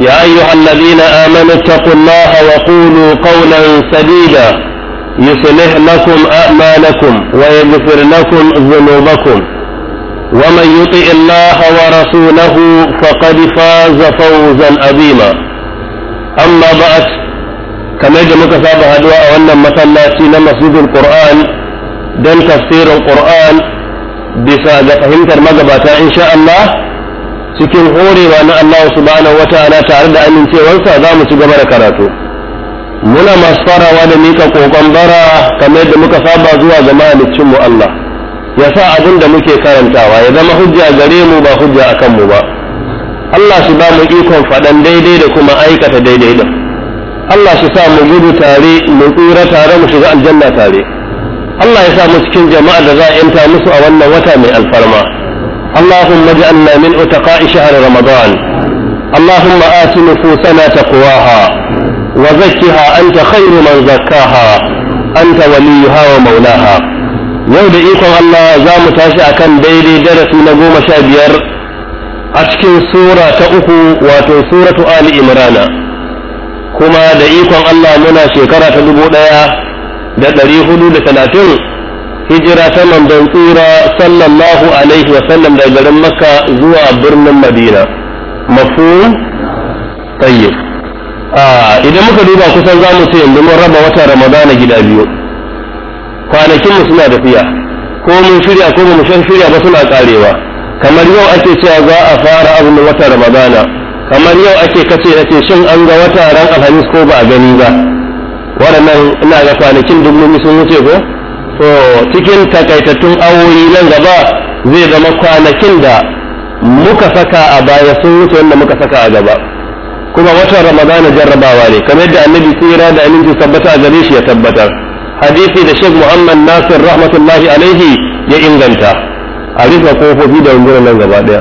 يا أيها الذين آمنوا اتقوا الله وقولوا قولا سديدا يصلح لكم أعمالكم ويغفر لكم ذنوبكم ومن يطع الله ورسوله فقد فاز فوزا عظيما أما بعد كما يجمع كتاب هدواء وأن مثلا مسجد القرآن دون تفسير القرآن بسا فهمت المذبة إن شاء الله cikin horewa na Allah subhanahu wata'ala tare da amincewarsa za mu ci gaba da karatu muna masu farawa da mika kokon bara kamar yadda muka saba zuwa ga da mu Allah ya sa abin da muke karantawa ya zama hujja gare mu ba hujja a kanmu ba Allah shi ba mu ikon faɗan daidai da kuma aikata daidai da Allah shi sa mu gudu tare mu tsira tare mu shiga aljanna tare Allah ya sa mu cikin jama'a da za a yanta musu a wannan wata mai alfarma اللهم اجعلنا من عتقاء شهر رمضان اللهم آت نفوسنا تقواها وزكها أنت خير من زكاها أنت وليها ومولاها يوم إيقظ الله زام تاشع كان بيلي درس من أبو مشابير أشكن سورة تأخو وتسورة آل إمرانا كما دعيكم الله منا شكرة لبولايا دعيه لولة ثلاثين hijira ta manzon tsira sallallahu alaihi wa sallam daga garin makka zuwa birnin madina mafhum tayyib idan muka duba kusan zamu ce yanzu mun raba wata ramadana gida biyu kwanakin mu suna tafiya ko mun shirya ko mun shirya ba suna karewa kamar yau ake cewa za a fara azumin wata ramadana kamar yau ake kace ake shin an ga wata ran alhamis ko ba a gani ba waɗannan ina ga kwanakin dubu sun wuce ko so cikin takaitattun awoyi nan gaba zai zama kwanakin da muka saka a baya sun wuce wanda muka saka a gaba kuma watan ramadana jarrabawa ne kamar yadda annabi tsira da aminci tabbata a gare shi ya tabbatar hadisi da shek muhammad nasir rahmatullahi alaihi ya inganta a rufe kofofi da rundunar nan gaba daya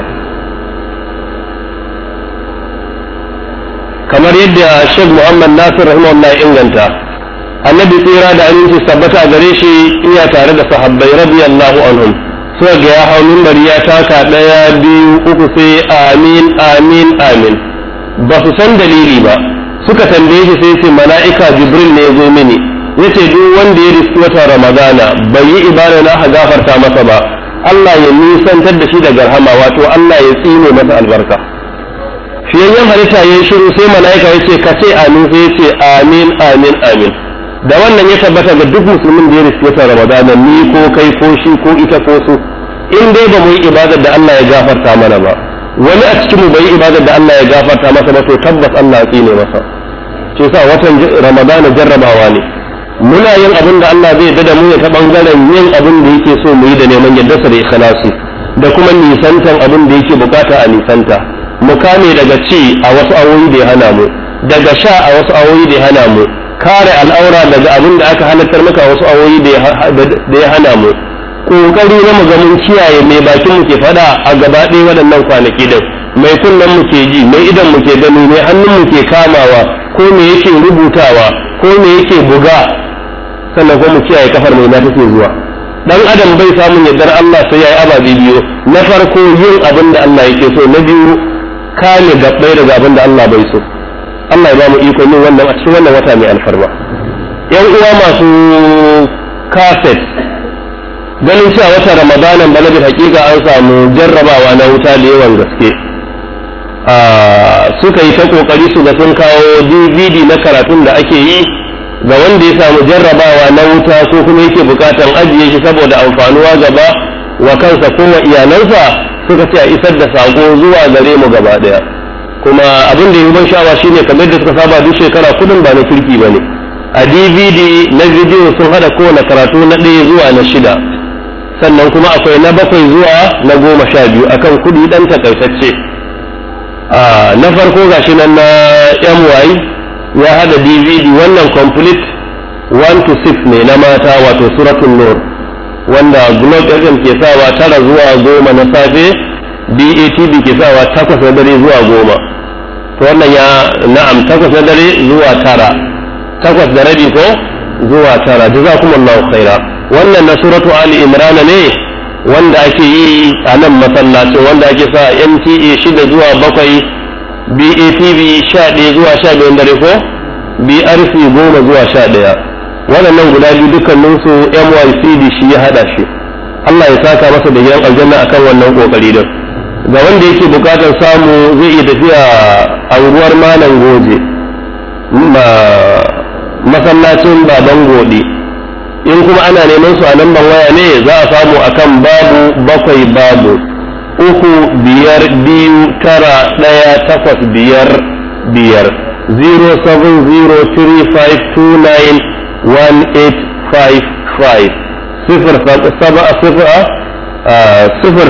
kamar yadda shek muhammad nasir rahimahullah ya inganta annabi tsira da aminci sabbata a gare shi iya tare da sahabbai radiyallahu anhum suka ga ya hau mimbari ya taka ɗaya biyu uku sai amin amin amin ba su san dalili ba suka tambaye shi sai ce mala'ika jibril ne ya zo mini yace duk wanda ya riski wata ramadana bai yi ibada na ha gafarta masa ba Allah ya nisantar da shi daga rahama wato Allah ya tsine masa albarka fiyayyen halitta ya yi shiru sai mala'ika ya ce ka ce amin sai ya ce amin amin amin da wannan ya tabbata ga duk musulmin da ya riske ta ramadana ni ko kai ko shi ko ita ko su in dai ba mu yi ibadar da Allah ya gafarta mana ba wani a cikin mu bai ibadar da Allah ya gafarta masa ba to tabbas Allah ya tsine masa ce sa watan ramadana jarrabawa ne muna yin abin da Allah zai dada mu ya ta bangaren yin abin da yake so mu yi da neman yadda sa da ikhlasi da kuma nisantan abin da yake bukata a nisanta mu kame daga ci a wasu awoyi da ya hana mu daga sha a wasu awoyi da ya hana mu kare al'aura daga abin da aka halartar maka wasu awoyi da ya hana mu ƙoƙari na maganin ciyaye mai bakin mu ke fada a gaba ɗaya waɗannan kwanaki din mai kunnen mu ke ji mai idan mu ke gani mai hannun mu ke kamawa ko me yake rubutawa ko me yake buga sannan kuma mu kiyaye kafar mai na take zuwa dan adam bai samun yardar Allah sai yayi ababe biyu na farko yin abin da Allah yake so na biyu kame gabbai daga abin da Allah bai so Allah ya ba mu iko yin wannan a cikin wannan wata mai alfarma yan uwa masu kafet, ganin cewa wata ramadanan ba nabi hakika an samu jarrabawa na wuta da yawan gaske ah, suka yi ta kokari su ga sun kawo dvd na karatun da ake yi ga wanda ya samu jarrabawa na wuta ko kuma yake bukatan ajiye shi saboda amfanuwa gaba wa kansa kuma iyalansa suka ce a isar da sako zuwa gare mu gaba daya kuma abin da ya ban sha'awa shine kamar da suka saba duk shekara kudin ba na kirki ba ne a dvd na bidiyo sun hada kowane karatu na ɗaya zuwa na shida sannan kuma akwai na bakwai zuwa na goma sha biyu akan kudi ɗan takaitacce na farko gashi nan na my ya hada dvd wannan complete 1 to 6 ne na mata wato suratun nur wanda globe fm ke sawa tara zuwa goma na safe batb ke sawa takwas na dare zuwa goma to wannan ya na'am takwas na dare zuwa tara takwas da rabi ko zuwa tara za kuma jazakumullahu khaira wannan na suratu ali imrana ne wanda ake yi a nan masallacin wanda ake sa mta shida zuwa bakwai batv sha ɗaya zuwa sha ɗaya dare ko brc goma zuwa sha ɗaya waɗannan guda biyu dukkaninsu mycd shi ya haɗa shi allah ya saka masa da gidan aljanna akan wannan ƙoƙari din ga wanda yake bukatar samu zai iya tafiya anguwar malam goje masallacin baban gode in kuma ana neman su a lambar waya ne za a samu akan babu bakwai babu uku biyar biyu tara daya takwas biyar biyar 07035291855 sifir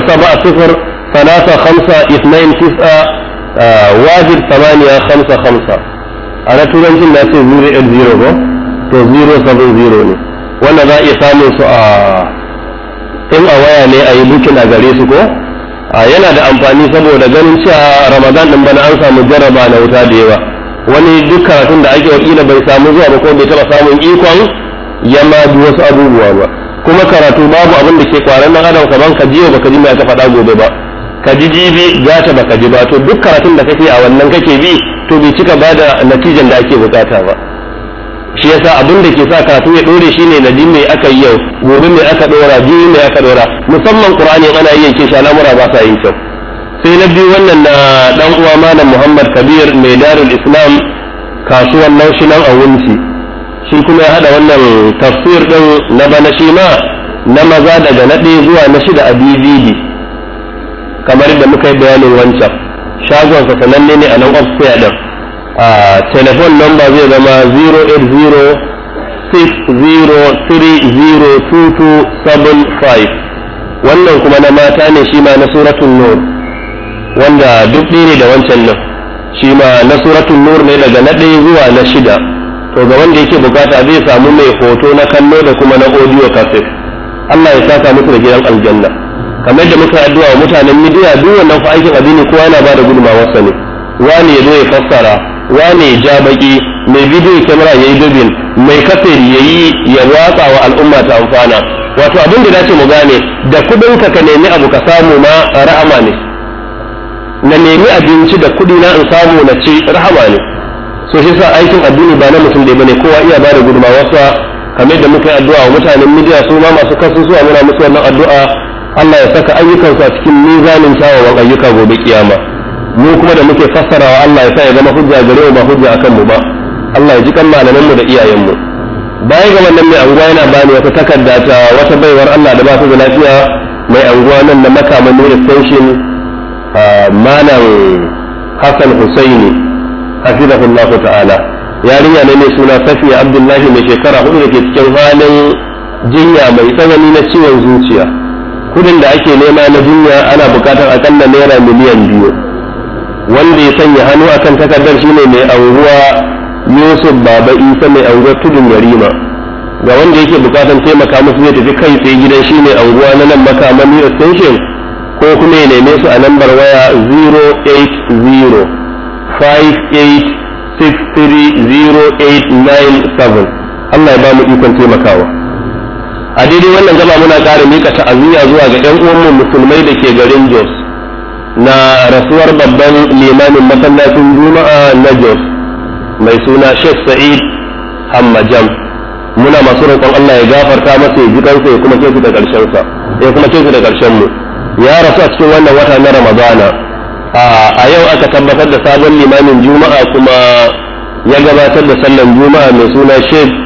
saba sifir ah, ثلاثة خمسة اثنين تسعة واجب ثمانية خمسة خمسة أنا تورنج الناس زيرو الزيرو بو تو زيرو سبعين زيرو ني وانا ذا إثامي سؤال in a waya ne a yi bukin a su ko yana da amfani saboda ganin cewa ramadan din bana an samu jaraba na wuta da yawa wani duk karatun da ake wakila bai samu zuwa ba ko bai taba samun ikon ya ma bi wasu abubuwa ba kuma karatu babu abin da ke kwaran nan adam kaman ka jiya ka ji mai ka faɗa gobe ba ka ji jibi gata baka ji ba to duk karatun da kake a wannan kake bi to bai cika ba da natijan da ake bukata ba shi yasa abin da ke sa karatu ya dore shine na mai aka yi yau gobe mai aka dora jibi mai aka dora musamman qur'ani ana yin kin sha lamura ba sa yin kyau sai na biyu wannan na dan uwa malam Muhammad Kabir mai darul Islam kasuwan naushinan a shi kuma ya hada wannan tafsir din na bana shi ma na maza daga na ɗaya zuwa na shida a DVD kamar da muka yi bayanin wancan shagonsa sananne ne a nan ofisiya din telefon number zai zama 08060302275 wannan kuma na mata ne shi ma na suratul nur wanda duk ne da wancan nan shi ma na suratul nur ne daga na ɗaya zuwa na shida to ga wanda yake bukata zai samu mai hoto na kallo da kuma na audio cassette Allah ya saka musu da gidan aljanna kamar da muka addu'a wa mutanen midiya duk wannan fa aikin addini kowa yana bada da sa ne wani ya zo ya fassara wani ya ja baki mai bidiyo kyamara ya yi dubin mai kafin ya yi ya watsa wa al'umma ta amfana wato abin da dace mu gane da kudin ka ka nemi abu ka samu ma rahama ne na nemi abinci da kudi na in samu na ci rahama ne so shi sa aikin addini ba na mutum da bane kowa iya ba bada gudunmawarsa kamar da muka yi addu'a wa mutanen midiya su ma masu kasusuwa muna musu wannan addu'a Allah ya saka ayyukansu a cikin mizanin kyawawan ayyuka gobe kiyama mu kuma da muke fassarawa Allah ya sa ya zama hujja gare mu ba hujja akan mu ba Allah ya ji kan malaman mu da iyayen mu baya ga wannan mai anguwa yana bani wata takarda ta wata baiwar Allah da ba su da lafiya mai anguwa nan na makaman ne extension malam Hassan Husaini hafizahullahu ta'ala yarinya ne mai suna Safiya Abdullahi mai shekara hudu da ke cikin halin jinya mai tsanani na ciwon zuciya kudin da ake nema na duniya ana bukatar akalla naira miliyan biyu wanda ya sanya hannu akan takardar shine mai anguwa yusuf baba isa mai anguwa tudun yarima ga wanda yake bukatar taimaka musu zai tafi kai tsaye gidan shine mai anguwa na nan makamami extension ko kuma ya neme su a lambar waya 080 58 630 Allah ya ba mu ikon taimakawa. a daidai wannan gaba muna ƙara mika ta'aziyya zuwa ga 'yan uwanmu musulmai da ke garin Jos na rasuwar babban limamin masallacin Juma'a na Jos mai suna Sheikh Sa'id Hammajam muna masu roƙon Allah ya gafarta masa ya ji kansa ya kuma kinsu da ƙarshen sa ya kuma da ƙarshen mu ya rasu a cikin wannan wata na Ramadana a yau aka tabbatar da sabon limamin Juma'a kuma ya gabatar da sallan Juma'a mai suna Sheikh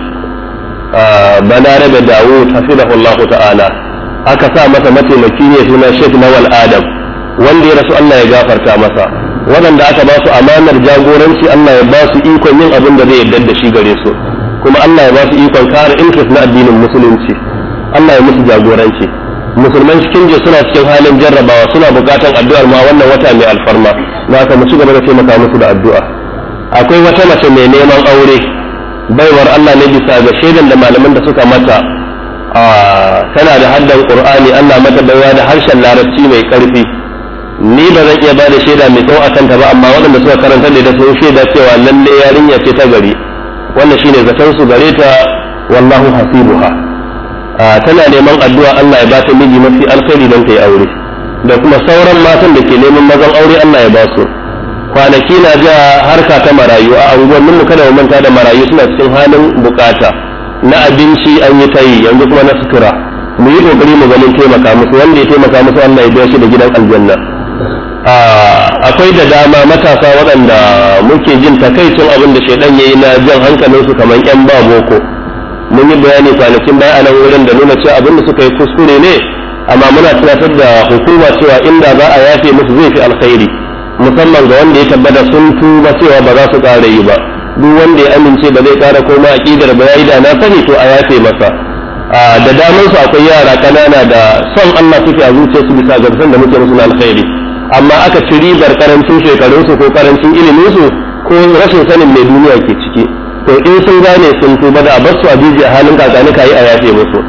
balarabe dawud Allah ta'ala aka sa masa mataimaki ne suna sheikh nawal adam wanda ya rasu allah ya gafarta masa waɗanda aka ba su amanar jagoranci allah ya ba su ikon yin abin da zai yarda da shi gare su kuma allah ya ba su ikon kare interest na addinin musulunci allah ya musu jagoranci musulman cikin je suna cikin halin jarrabawa suna bukatan addu'ar ma wannan wata mai alfarma na mu ci gaba da taimaka musu da addu'a akwai wata mace mai neman aure baiwar Allah ne bisa ga shaidan da malaman da suka mata tana da haddan qur'ani Allah mata baiwa da harshen larabci mai karfi ni ba zan iya bada shaida mai tsawo akan ta ba amma waɗanda suka karanta ne da sun shaida cewa lalle yarinya ce ta gari wannan shine zaton su gare ta wallahu hasibuha tana neman addu'a Allah ya ba ta miji mafi alkhairi don ta yi aure da kuma sauran matan da ke neman mazan aure Allah ya ba su kwanaki na ja harka ta marayu a unguwannin mu kada mu manta da marayu suna cikin halin bukata na abinci an yi tayi yanzu kuma na sutura mu yi kokari mu ganin taimaka musu wanda ya taimaka musu Allah ya shi da gidan aljanna akwai da dama matasa waɗanda muke jin takaicin abin da shaidan yayi na jan hankalin su kamar yan ba boko mun yi bayani kwanakin baya a nan wurin da nuna cewa abin da suka yi kuskure ne amma muna tunatar da hukuma cewa inda za a yafe musu zai fi alkhairi musamman ga wanda ya tabbata sun tuba cewa ba za su ƙara yi ba duk wanda ya amince ba zai ƙara koma a ƙidar ba yayi da na sani to a yafe masa da damar su akwai yara kanana da son Allah suke a zuciyarsu bisa gamsan da muke musu na alkhairi amma aka ci ribar karancin shekarun su ko karancin ilimin su ko rashin sanin mai duniya ke ciki to in sun gane sun tuba da a bar su a jijiya halin kakanika yi a yafe musu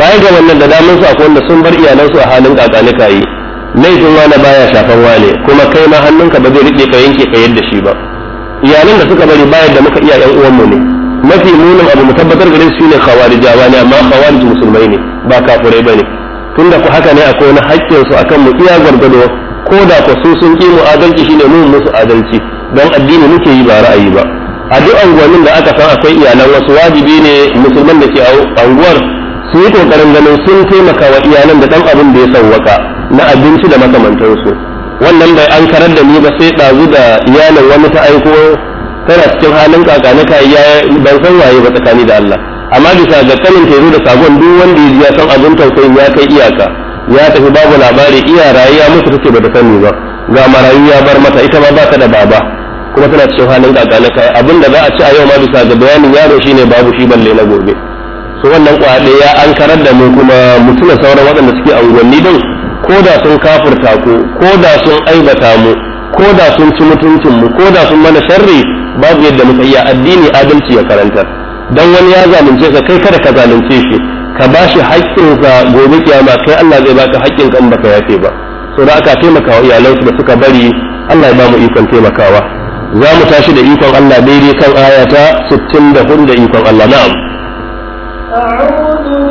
baya ga wannan da daman su akwai wanda sun bar iyalansu a halin kakanika yi laifin wani baya shafan wane kuma kai ma hannunka ba zai riƙe ka yanke ka yadda shi ba iyalan da suka bari bayar da muka iya yan uwanmu ne mafi munin abu mu tabbatar gare su ne khawarijawa ne amma khawarij musulmai ne ba kafirai bane tunda ku haka ne akwai wani haƙƙin su akan mu iya gargado ko da ku su sun ki mu adalci shine mu musu adalci dan addini muke yi ba ra'ayi ba a duk anguwannin da aka san akwai iyalan wasu wajibi ne musulman da ke anguwar su yi kokarin ganin sun taimaka wa iyalan da dan abin da ya sauwaka na abinci da makamantansu wannan bai an karar da ni ba sai ɗazu da iyalin wani ta aiko tana cikin halin kakani ka iya ban san waye ba tsakani da Allah amma bisa ga kanin tezu da sabon duk wanda ya san abin tausayi ya kai iyaka ya tafi babu labari iya rayuwa musu take ba sani ba ga marayu ya bar mata ita ma ba ta da baba kuma tana cikin halin kakani ka abin da za a ci a yau ma bisa ga bayanin yaro shine babu shi balle na gobe so wannan kwaɗe ya an karar da mu kuma mutuna sauran waɗanda suke a unguwanni din ko da sun kafurta ku ko da sun aibata mu ko da sun ci mutuncin mu ko da sun mana sharri babu yadda muka iya addini adalci ya karanta dan wani ya zalunce ka kai kada ka zalunce shi ka ba bashi haƙƙinsa gobe kiyama kai Allah zai baka haƙƙin kan ka yafe ba so da aka taimakawa wa iyalansu da suka bari Allah ya ba mu ikon taimakawa za mu tashi da ikon Allah daidai kan ayata 64 da ikon Allah na'am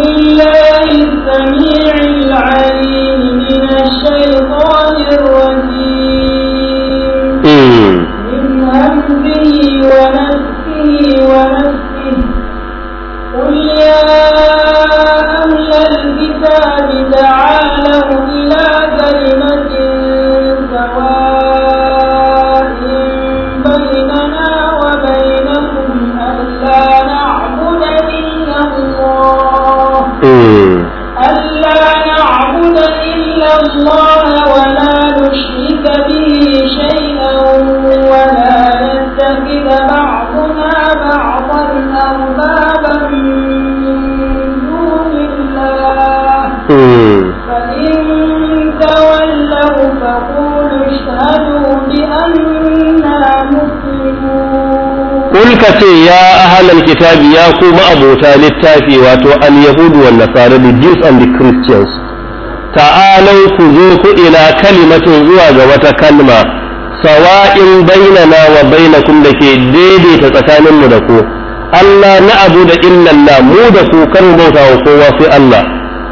بالله السميع العليم من الشيطان الرجيم الله ولا نشرك به شيئا ولا يتخذ بعضنا بعضا أربابا من دون الله فإن تولوا فقولوا اشهدوا بأننا مسلمون قل كتي يا أهل الكتاب يا قوم أبو ثالث تافي واتو اليهود والنصارى the Jews and the Christians ta'alau su zo ku ila kalimatin zuwa ga wata kalma sawa'in bainana wa bainakum da ke daidaita tsakaninmu da ku Allah na abu da illallah mu da ku kar bauta wa kowa sai Allah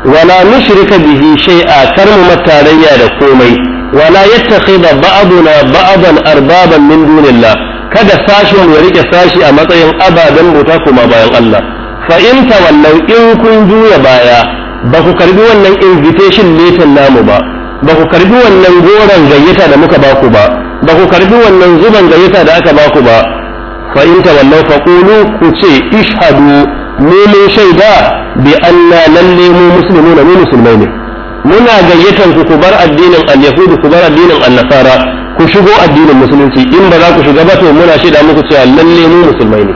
wala nushrika bihi shay'a kar mu matarayya da komai wala yattakhidha ba'duna ba'dan arbaban min dunillah kada sashin ya rike sashi a matsayin ababen bauta kuma bayan Allah fa in tawallau in kun juya baya ba ku karbi wannan invitation letter namu ba ba ku karbi wannan goron gayyata da muka ba ku ba ba ku karbi wannan zuban gayyata da aka ba ku ba fa in tawallaw fa qulu ku ce ishhadu mu mun shaida bi anna lalle mu muslimuna mu musulmai ne muna gayyatan ku ku bar addinin al-yahudi ku bar addinin al nasara ku shigo addinin musulunci in ba za ku shiga ba to muna shaida muku cewa lalle mu musulmai ne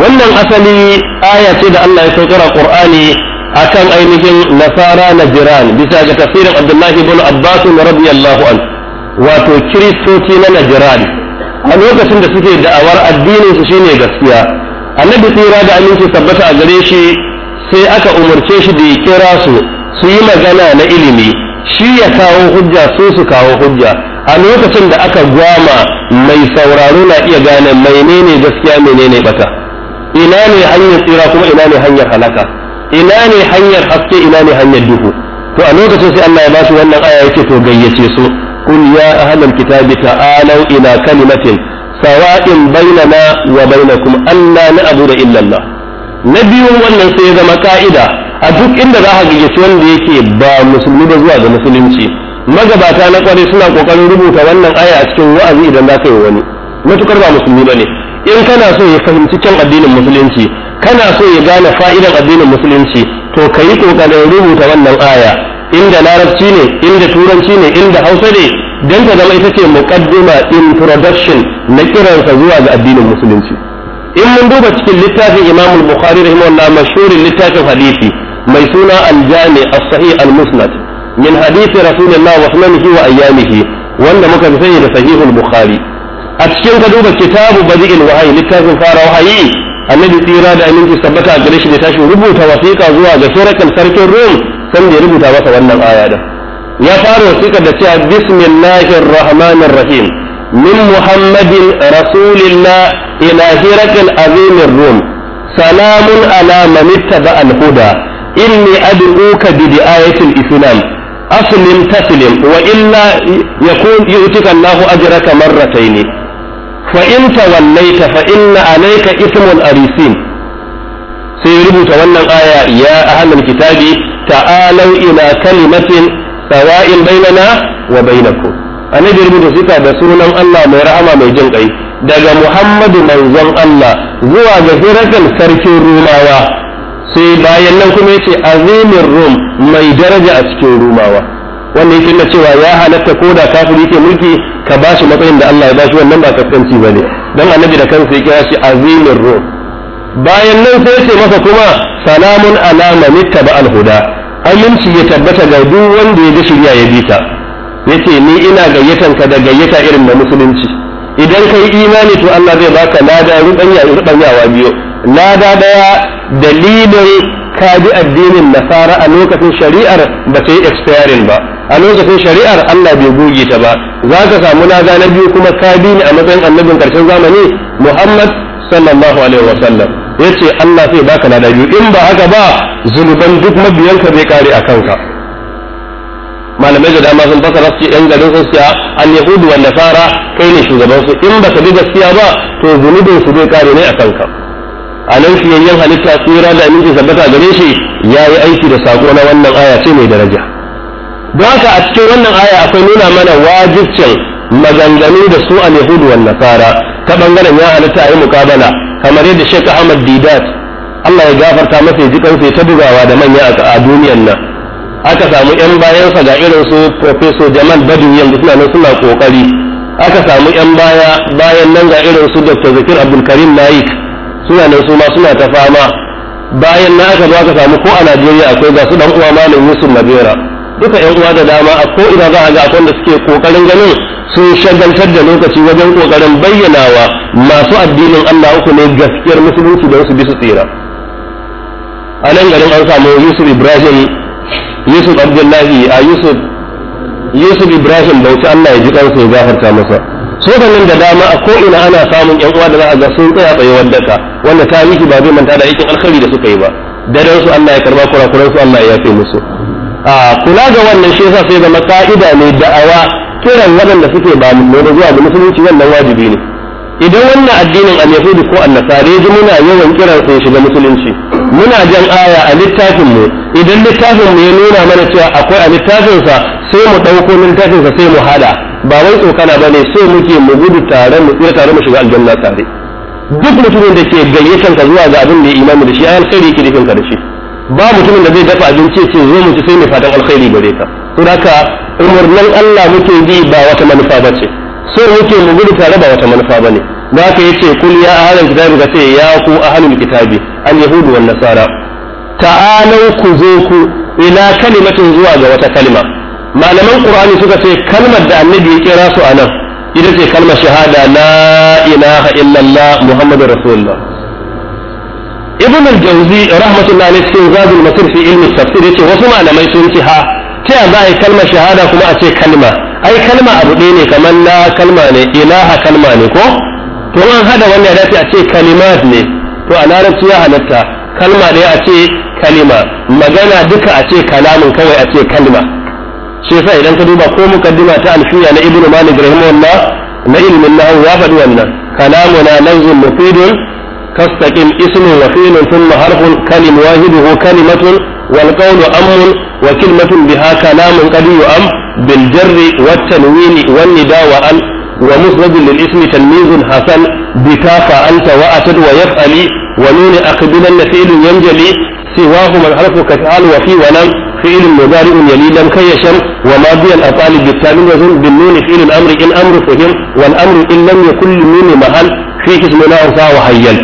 wannan asali aya ce da Allah ya saukar a Qur'ani akan ainihin nasara na jiran bisa ga tafsirin abdullahi ibn abbas radiyallahu an wato kiristoci na najiran a lokacin da suke da'awar addinin su shine gaskiya annabi tsira da aminci tabbata a gare shi sai aka umarce shi da ya kira su su yi magana na ilimi shi ya kawo hujja su su kawo hujja a lokacin da aka gwama mai sauraro na iya gane menene gaskiya menene bata ina ne hanyar tsira kuma ina ne hanyar halaka ina ne hanyar haske ina ne hanyar duhu to a lokacin sai Allah ya shi wannan aya yake to gayyace su kun ya ahlal kitabi ta'alu ila kalimatin sawa'in bainana wa bainakum alla na'budu illa Allah na biyu wannan sai ya zama ka'ida a duk inda za ka gayyaci wanda yake ba musulmi da zuwa ga musulunci magabata na kware suna kokarin rubuta wannan aya a cikin wa'azi idan za ka yi wani matukar ba musulmi ne in kana so ya fahimci kyan addinin musulunci kana so ya gane fa'idan addinin musulunci to ka yi ƙoƙarin rubuta wannan aya inda larabci ne inda turanci ne inda hausa ne don ta zama ita ce muqaddima introduction na kiransa zuwa ga addinin musulunci in mun duba cikin littafin imam al-bukhari rahimahullah mashhurin littafin hadisi mai suna al-jami as-sahih al-musnad min hadisi rasulullah wa sunanihi wa ayyamihi wanda muka fi sani da sahihul al-bukhari a cikin ka duba kitabu badi'il wahayi littafin fara wahayi annabi tsira da aminci sabbata a gare shi da tashi rubuta wasiƙa zuwa ga sarkin rum san da ya rubuta masa wannan aya da ya fara wasiƙa da cewa bismillahir rahmanir rahim min muhammadin rasulillah ila hirakal azimin rum salamun ala man ittaba al huda inni ad'uka bi di'ayatil islam aslim taslim wa illa yakun yu'tika Allahu ajraka marratayn fa in tawallaita fa inna alayka ismul arisin sai rubuta wannan aya ya a ahlul kitabi ta'alau ila kalimatin sawa'in bainana wa bainakum annabi rubuta sita da sunan Allah mai rahama mai jin kai daga Muhammadu manzon Allah zuwa ga Hirakal sarkin Rumawa sai bayan nan kuma yace azimin Rum mai daraja a cikin Rumawa wanda yake cewa ya halatta ko da kafiri ke mulki ka ba shi matsayin da Allah ya ba shi wannan ba kaskanci ba ne don annabi da kansa ya kira shi azimin ruh bayan nan sai ce masa kuma salamun ala man ittaba al-huda aminci ya tabbata ga duk wanda ya ji shirya ya bi ta yace ni ina gayyatan ka da gayyata irin da musulunci idan ka yi imani to Allah zai baka lada rubanya rubanyawa biyo lada daya dalilin ka bi addinin nasara a lokacin shari'ar ba ta yi expiring ba a lokacin shari'ar Allah bai goge ta ba za ka samu na na biyu kuma ka bi ni a matsayin annabin karshen zamani Muhammad sallallahu alaihi ya ce Allah zai baka na biyu in ba haka ba zunuban duk mabiyanka zai kare a kanka malamai da dama sun fasara su yan garin sun siya al yahudu wa nasara kai ne shugaban su in baka bi gaskiya ba to zunubin su zai kare ne a kanka a nan fiyayyen halitta tsira da aminci sabbata gare shi ya yi aiki da sako na wannan aya ce mai daraja don haka a cikin wannan aya akwai nuna mana wajibcin maganganu da su a yahudu wan nasara ta bangaren ya halitta a yi mukabala kamar yadda shek ahmad didat allah ya gafarta masa ya ji kansa ta bugawa da manya a duniyan nan aka samu yan bayansa ga irin su professor jamal badu yanzu suna nan suna kokari aka samu yan baya bayan nan ga irin su dr zakir abdulkarim naik suna nan su ma suna ta fama bayan na aka zo aka samu ko a Najeriya akwai ga su dan uwa malam Yusuf nabera duka yan uwa da dama a ko ina za a ga akwai da suke kokarin ganin sun shagaltar da lokaci wajen kokarin bayyanawa masu addinin Allah uku ne gaskiyar musulunci don su bi su tsira a nan garin an samu Yusuf Ibrahim Yusuf Abdullahi a Yusuf Yusuf Ibrahim bauci Allah ya ji kansa ya gafarta masa so da dama a ko ina ana samun yan uwa da za a ga sun tsaya tsaye ka, wanda tarihi ba zai manta da aikin alkhairi da suka yi ba daren su Allah ya karba kurakuran su Allah ya yafe musu a kula ga wannan shi yasa sai zama ka'ida ne da'awa kiran waɗanda suke ba mu zuwa ga musulunci wannan wajibi ne idan wannan addinin al-yahudi ko an-nasara ji muna yawan kiran sai shiga musulunci muna jan aya a littafin mu idan littafin mu ya nuna mana cewa akwai a littafin sa sai mu dauko littafin sa sai mu hada ba wai tsokana ba ne so muke mu gudu tare mu tsira tare mu shiga aljanna tare duk mutumin da ke gayyatan ka zuwa ga abin da ya imani da shi ai alkhairi yake nufin ka da shi ba mutumin da zai dafa abinci ce zo mu ci sai mai fatan alkhairi gare ka don haka umarnin Allah muke bi ba wata manufa ba ce so muke mu gudu tare ba wata manufa ba ne da haka yace kul ya ahlul kitabi ka ce ya ku ahlul kitabi al yahudu wan nasara ta'alau ku zo ku ila kalimatin zuwa ga wata kalima. malaman qur'ani suka ce kalmar da annabi ya kira su anan ita ce kalmar shahada la ilaha illallah muhammadur rasulullah ibn al-jawzi rahmatullahi alayhi cikin zadul masir fi ilmi tafsir yace wasu malamai sun ce ha ta za a yi kalmar shahada kuma a ce kalma ai kalma abu ɗaya ne kamar la kalma ne ilaha kalma ne ko to an hada wannan da dace a ce kalimat ne to a larabci ya halatta kalma ɗaya a ce kalima magana duka a ce kalamin kawai a ce kalma shi yasa idan ka duba ko mukaddima ta alfiya na ibnu malik na ilmin nahwu ya faɗi wannan kalamuna nazm mufidun kastaqim ismun wa fi'lun thumma harfun kalim wahiduhu kalimatun wal qawlu amrun wa kalimatun biha kalamun qad yu'am bil jarri wat tanwini wan nida wa an wa musnad lil ismi tanmizun hasan bika fa anta wa atad wa yaf'ali wa nun aqbilan fi'lun yanjali siwahu man harfu kaf'al wa fi wa lam فعل مضارع يلي لم كيشم وماضي الأفعال بالتامين وزن بالنون فعل الأمر إن أمر فهم والأمر إن لم يكن للنون محل فيه اسم وحيل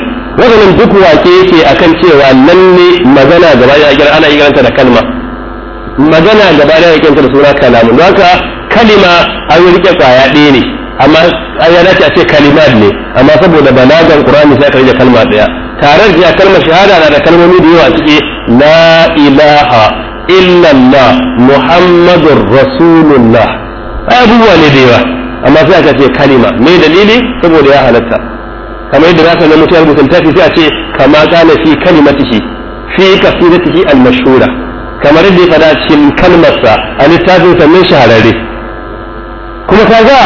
duk wake yake akan cewa lalle magana gaba da ana kiranta da kalma magana gaba da kiranta da suna kalamu don haka kalima an rike ɗaya ne amma an ya dace a ce kalimat ne amma saboda balagan qur'ani sai aka rike kalma ɗaya tare da kalmar shahada na da kalmomi da yawa cike la ilaha illallah muhammadur rasulullah abubuwa ne da yawa amma sai aka ce kalima me dalili saboda ya halatta kamar yadda zaka na mutuwar mutum sai a ce kama kana fi kalimatihi fi kasidatihi al-mashhura kamar yadda ya fada cikin kalmarsa a littafin sannan shahararre kuma kaga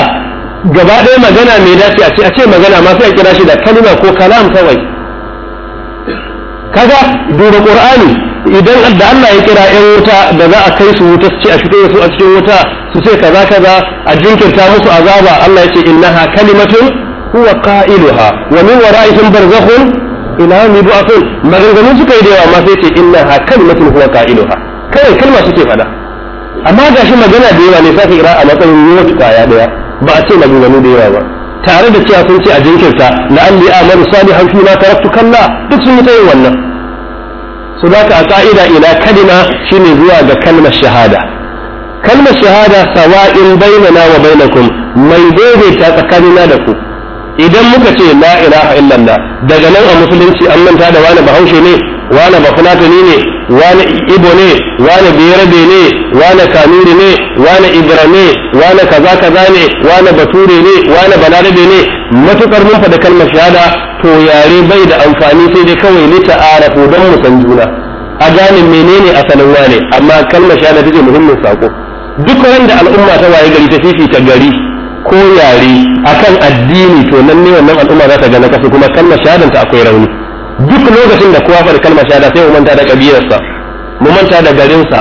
gaba ɗaya magana mai dace a ce a ce magana ma sai a kira shi da kalima ko kalam kawai kaga duba qur'ani idan da Allah ya kira ƴan wuta da za a kai su wuta su ce a fito da su a cikin wuta su ce kaza kaza a jinkirta musu azaba Allah ya ce innaha kalimatun huwa qailuha wa min wara'ihim barzakhun ila yub'athun maganganun suka yi da yawa amma sai ce innaha kalimatun huwa qailuha kai kalma suke fada amma gashi magana da yawa ne sai kira a matsayin wata kaya daya ba a ce maganganu da yawa ba tare da cewa sun ce a jinkirta la'alli amalu salihan fi ma taraktu kalla duk sun yi ta wannan su da ka ka'ida ila kalima shine zuwa ga kalmar shahada kalmar shahada sawa'in bainana wa bainakum mai ta tsakanina da ku idan muka ce la ilaha illallah daga nan a musulunci an manta da wani bahaushe ne wane bafulatani ne wane ibo ne wane berabe ne wane kanuri ne wane ibra ne wane kaza kaza ne wane bature ne wane balarabe ne matukar mun faɗa kalmar shahada to yare bai da amfani sai dai kawai ni arafu don mu juna a gane menene asalin wane amma kalmar shahada take muhimmin sako duk wanda al'umma ta waye gari ta ta gari ko yare akan addini to nan ne wannan al'umma za ta ga na kasu kuma kalmar shahadan ta akwai rauni duk lokacin da kowa faɗi kalmar shahada sai mu manta da kabilarsa mu manta da garinsa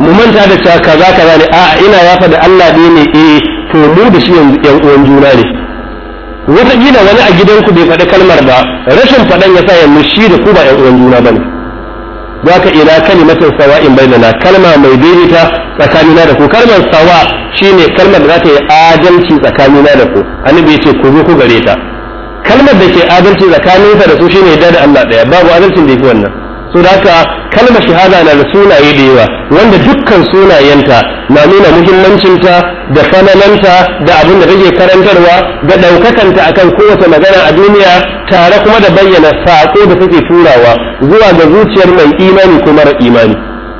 mu manta da cewa kaza kaza ne a ina ya faɗi Allah ne ne eh to mu da shi yanzu ƴan uwan juna ne wataƙila wani a gidanku bai faɗi kalmar ba rashin faɗan ya sa ya mushi da ku ba ƴan uwan juna ba ne za ka ila kalimatin sawa'in bainana kalma mai daidaita tsakanina da ku kalmar sawa shine kalmar da za ta yi adalci tsakanina da ku annabi ya ce ku zo ku gare ta kalmar da ke adalci tsakaninta da su shine yadda da Allah daya babu adalcin da yake wannan so da haka kalmar shahada na da sunaye da yawa wanda dukkan sunayenta na nuna muhimmancinta da fanananta da abin da take karantarwa da daukakanta akan kowace magana a duniya tare kuma da bayyana sako da take turawa zuwa ga zuciyar mai imani kuma mara imani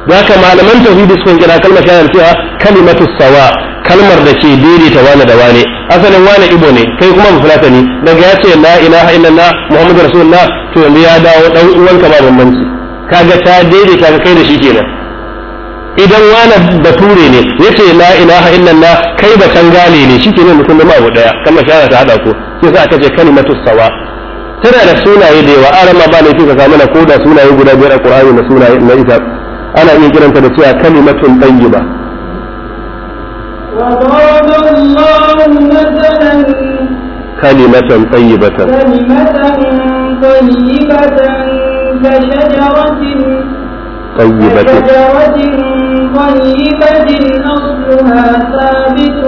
da haka malaman tauhidi sukan kira kalmar shahada cewa kalimatu sawa kalmar da ke daidaita wani da wani asalin wani ibo ne kai kuma ba fulata ne daga ya ce la ilaha illallah muhammadu rasulullah to yanzu ya dawo dan uwanka ba bambanci kaga ta daidaita ka kai da shi kenan idan wani bature ne ya ce la ilaha illallah kai ba gane ne shi kenan mutum ma abu daya kalmar shahada ta hada ku sai za aka ce kalimatu sawa tana da sunaye da yawa arama ba ne ka samu na koda sunaye guda biyar a qur'ani na sunaye na isa ana iya kiranta da cewa kalimatun tayyiba كلمة طيبة كلمة طيبة كشجرة طيبة كشجرة طيبة أصلها ثابت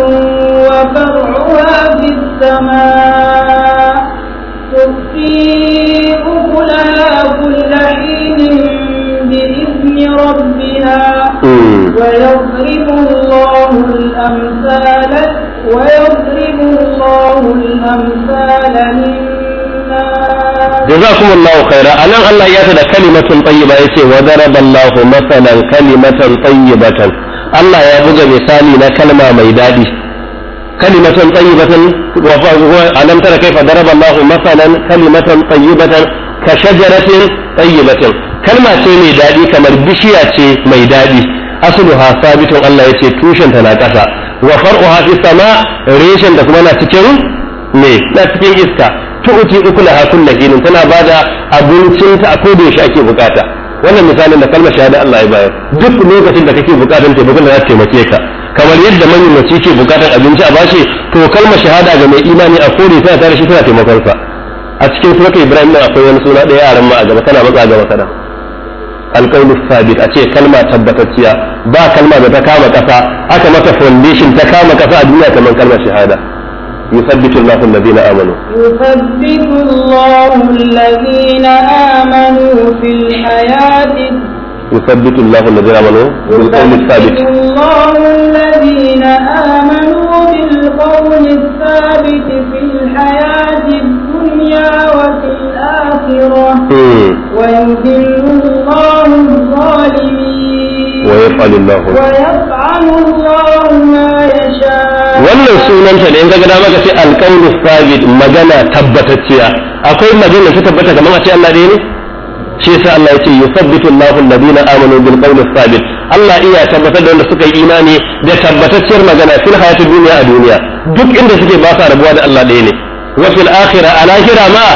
وفرعها في السماء ربها ويضرب الله الأمثال ويضرب الله الأمثال جزاكم الله خيرا أنا الله يأتي كلمة طيبة يسي وضرب الله مثلا كلمة طيبة الله يبغى مثالي لكلمة ميدادي كلمة طيبة ألم ترى كيف ضرب الله مثلا كلمة طيبة ka shajaratin tayyibatin kalma ce mai daɗi kamar bishiya ce mai daɗi asluha sabitun Allah ya ce tushen ta na ƙasa wa far'uha fi sama reshen da kuma na cikin me na cikin iska tu'ti ukulaha kullu hinin tana bada abincin ta a koda yaushe ake bukata wannan misalin da kalmar shahada Allah ya bayar duk lokacin da kake bukatan taimakon da ta taimake ka kamar yadda manyan mace ke bukatar abinci a bashi to kalmar shahada ga mai imani a koda yaushe tana tare shi tana taimakon a cikin suratul ibrahim na akwai wani suna ɗaya yaran ma a gaba kana matsa gaba kana alƙawlu sabit a ce kalma tabbatacciya ba kalma da ta kama kasa aka mata foundation ta kama kasa a duniya kamar kalma shahada yusabbitu الله alladhina amanu yusabbitu الله alladhina amanu fil الحياة يثبت الله الذين آمنوا بالقول الثابت يثبت الله الذين آمنوا بالقول الثابت في الحياة الدنيا وفي الآخرة ويذل الله الظالمين ويفعل الله ويفعل الله ما يشاء wannan sunanta da in kaga dama ka ce alqawlu sabit magana tabbatacciya akwai magana ta tabbata kamar a ce Allah dai ne shi yasa Allah ya ce yusabbitu Allahu alladhina amanu bil qawli sabit Allah iya tabbatar da wanda suka yi imani da tabbatacciyar magana fil hayatid dunya a duniya duk inda suke ba sa rabuwa da Allah ɗaya ne wa fil akhirah alahira ma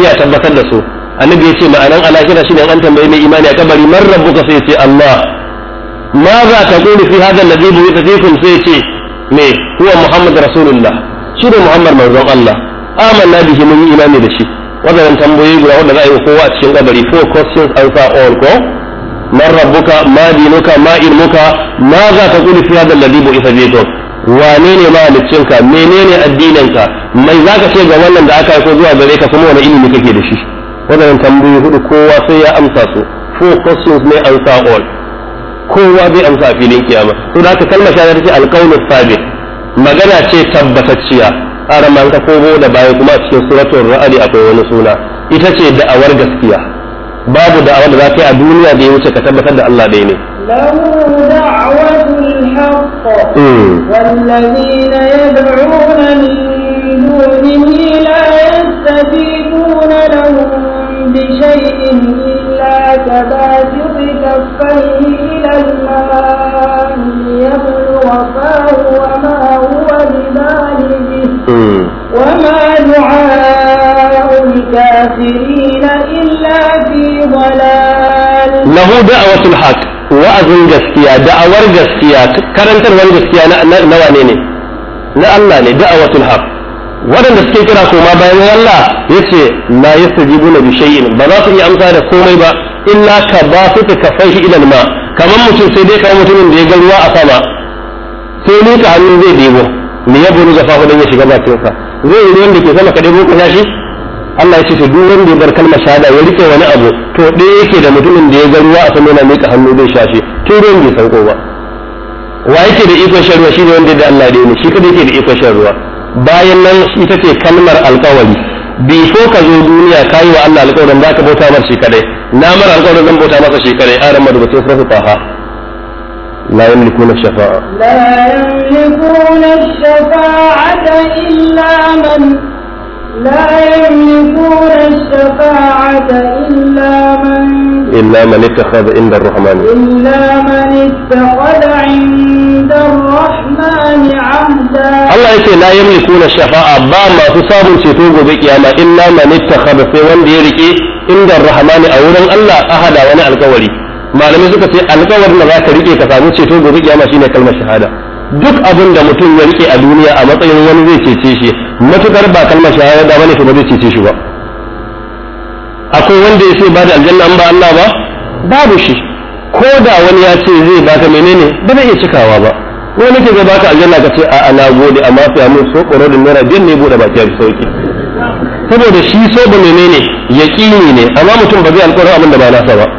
iya tabbatar da su annabi ya ce ma'anan alahira shine an tambaye mai imani a kabari man rabbuka sai ce Allah ma za ta kuni fi hadha alladhi bu'itha fikum sai ce me huwa muhammad rasulullah shine muhammad manzon Allah amanna bihi mun yi imani da shi wannan tambayoyi guda wanda za a yi wa kowa a cikin kabari four questions answer all ko man rabbuka ma dinuka ma ilmuka ma za ta kuni fi hadha alladhi bu'itha fikum wane ne mene menene addininka mai zaka ce ga wannan da aka aiko zuwa gare ka kuma wani ilimi kake da shi wannan tambayoyi hudu kowa sai ya amsa su four questions ne amsa all kowa zai amsa a filin kiyama to da ka kalmar shahada ce alqaulu sabit magana ce tabbatacciya araman ka ko da bayan kuma a cikin suratul ra'adi akwai wani suna ita ce da'awar gaskiya babu da'awar da za ta yi a duniya da ya wuce ka tabbatar da Allah ɗaya ne له دعوة الحق والذين يدعون من دونه لا يستجيبون لهم بشيء إلا كباسط كفيه إلى الماء ليبلغ فاه وما هو ببالغه وما دعاء الكافرين إلا في ضلال له دعوة الحق wa'azin gaskiya da'awar gaskiya karantarwar gaskiya na wane ne na Allah ne da'awatul haq waɗanda suke kira koma bayan Allah yace la yastajibu bi shay'in ba za su iya amsa da komai ba illa ka ba su ta kafai ila ma kamar mutum sai dai kamar mutumin da ya ga ruwa a sama sai ne hannun zai debo me ya buru zafa don ya shiga bakinsa zai yi wanda ke sama ka debo ka shi Allah ya ce duk wanda ya bar kalmar shahada ya rike wani abu to ɗaya yake da mutumin da ya ga ruwa a sama yana mika hannu zai sha to tun ruwan bai sauko ba wa yake da ikon shan ruwa shine wanda da Allah da ne shi kada yake da ikon shan ruwa bayan nan ita ce kalmar alƙawari so ka zo duniya kayi wa Allah alƙawarin zaka bauta mar shi kadai na mar alƙawarin zan bauta masa shi kadai aran madu bace ta ha لا يملكون الشفاعة لا يملكون الشفاعة إلا من لا يملكون الشفاعة إلا من إلا من اتخذ عند الرحمن إلا من اتخذ عند الرحمن عهدا الله يكي لا يملكون الشفاعة با ما تصابوا سيتوب بقيامة إلا من اتخذ في وان ديركي عند الرحمن أولا الله أهدا وانا القولي malamai suka ce alkawarin da za ka rike ka samu ceto gobe kiyama shine kalmar shahada duk abin da mutum ya rike a duniya a matsayin wani zai cece shi matukar ba kalmar shahada bane to ba zai cece shi ba akwai wanda ya ce ba da aljanna an ba Allah ba babu shi ko da wani ya ce zai baka menene ba zai iya cikawa ba wani nake zai baka aljanna ka ce a na gode amma sai mun so da naira din ne bude baki a sauki saboda shi so ba menene yaqini ne amma mutum ba zai alƙawarin abin da ba nasa ba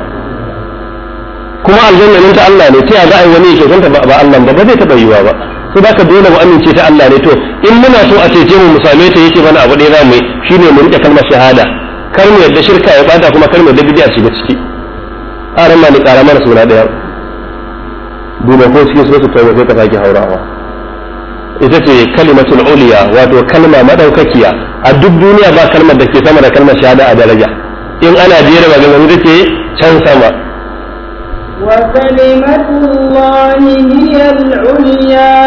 kuma aljanna ta Allah ne ta za a yi wani yake ba Allah ba ba zai taba yiwa ba sai da ka dole mu amince ta Allah ne to in muna so a cece mu mu same ta yake mana abu ɗaya za mu yi shine mu rike kalmar shahada kar mu yadda shirka ya bada kuma kar mu yadda bid'a shiga ciki a ran ma ni ƙara mana suna ɗaya duba ko cikin su ta sai ka sake haurawa ita ce kalimatul uliya wato kalma madaukakiya a duk duniya ba kalmar da ke sama da kalmar shahada a daraja in ana jera maganganu da ke can sama وكلمة الله هي العليا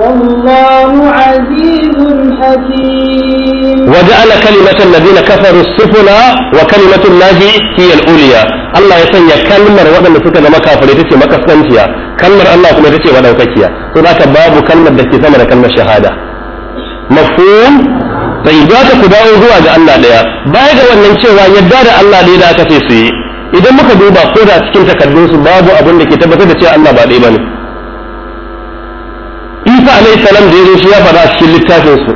والله عزيز حكيم وجعل كلمة الذين كفروا السفلى وكلمة الله هي العليا Allah ya sanya kalmar waɗanda suka zama kafirai tace makasantiya kalmar Allah kuma tace wadaukakiya to zaka babu kalmar da ke sama da kalmar shahada mafhum sai ba ku dawo zuwa ga Allah daya bai ga wannan cewa yadda da Allah ne da aka ce su yi idan muka duba ko da cikin takardun su babu abin da ke tabbatar da cewa Allah ba ɗaya bane Isa alayhi salam da yazo shi ya faɗa cikin littafin su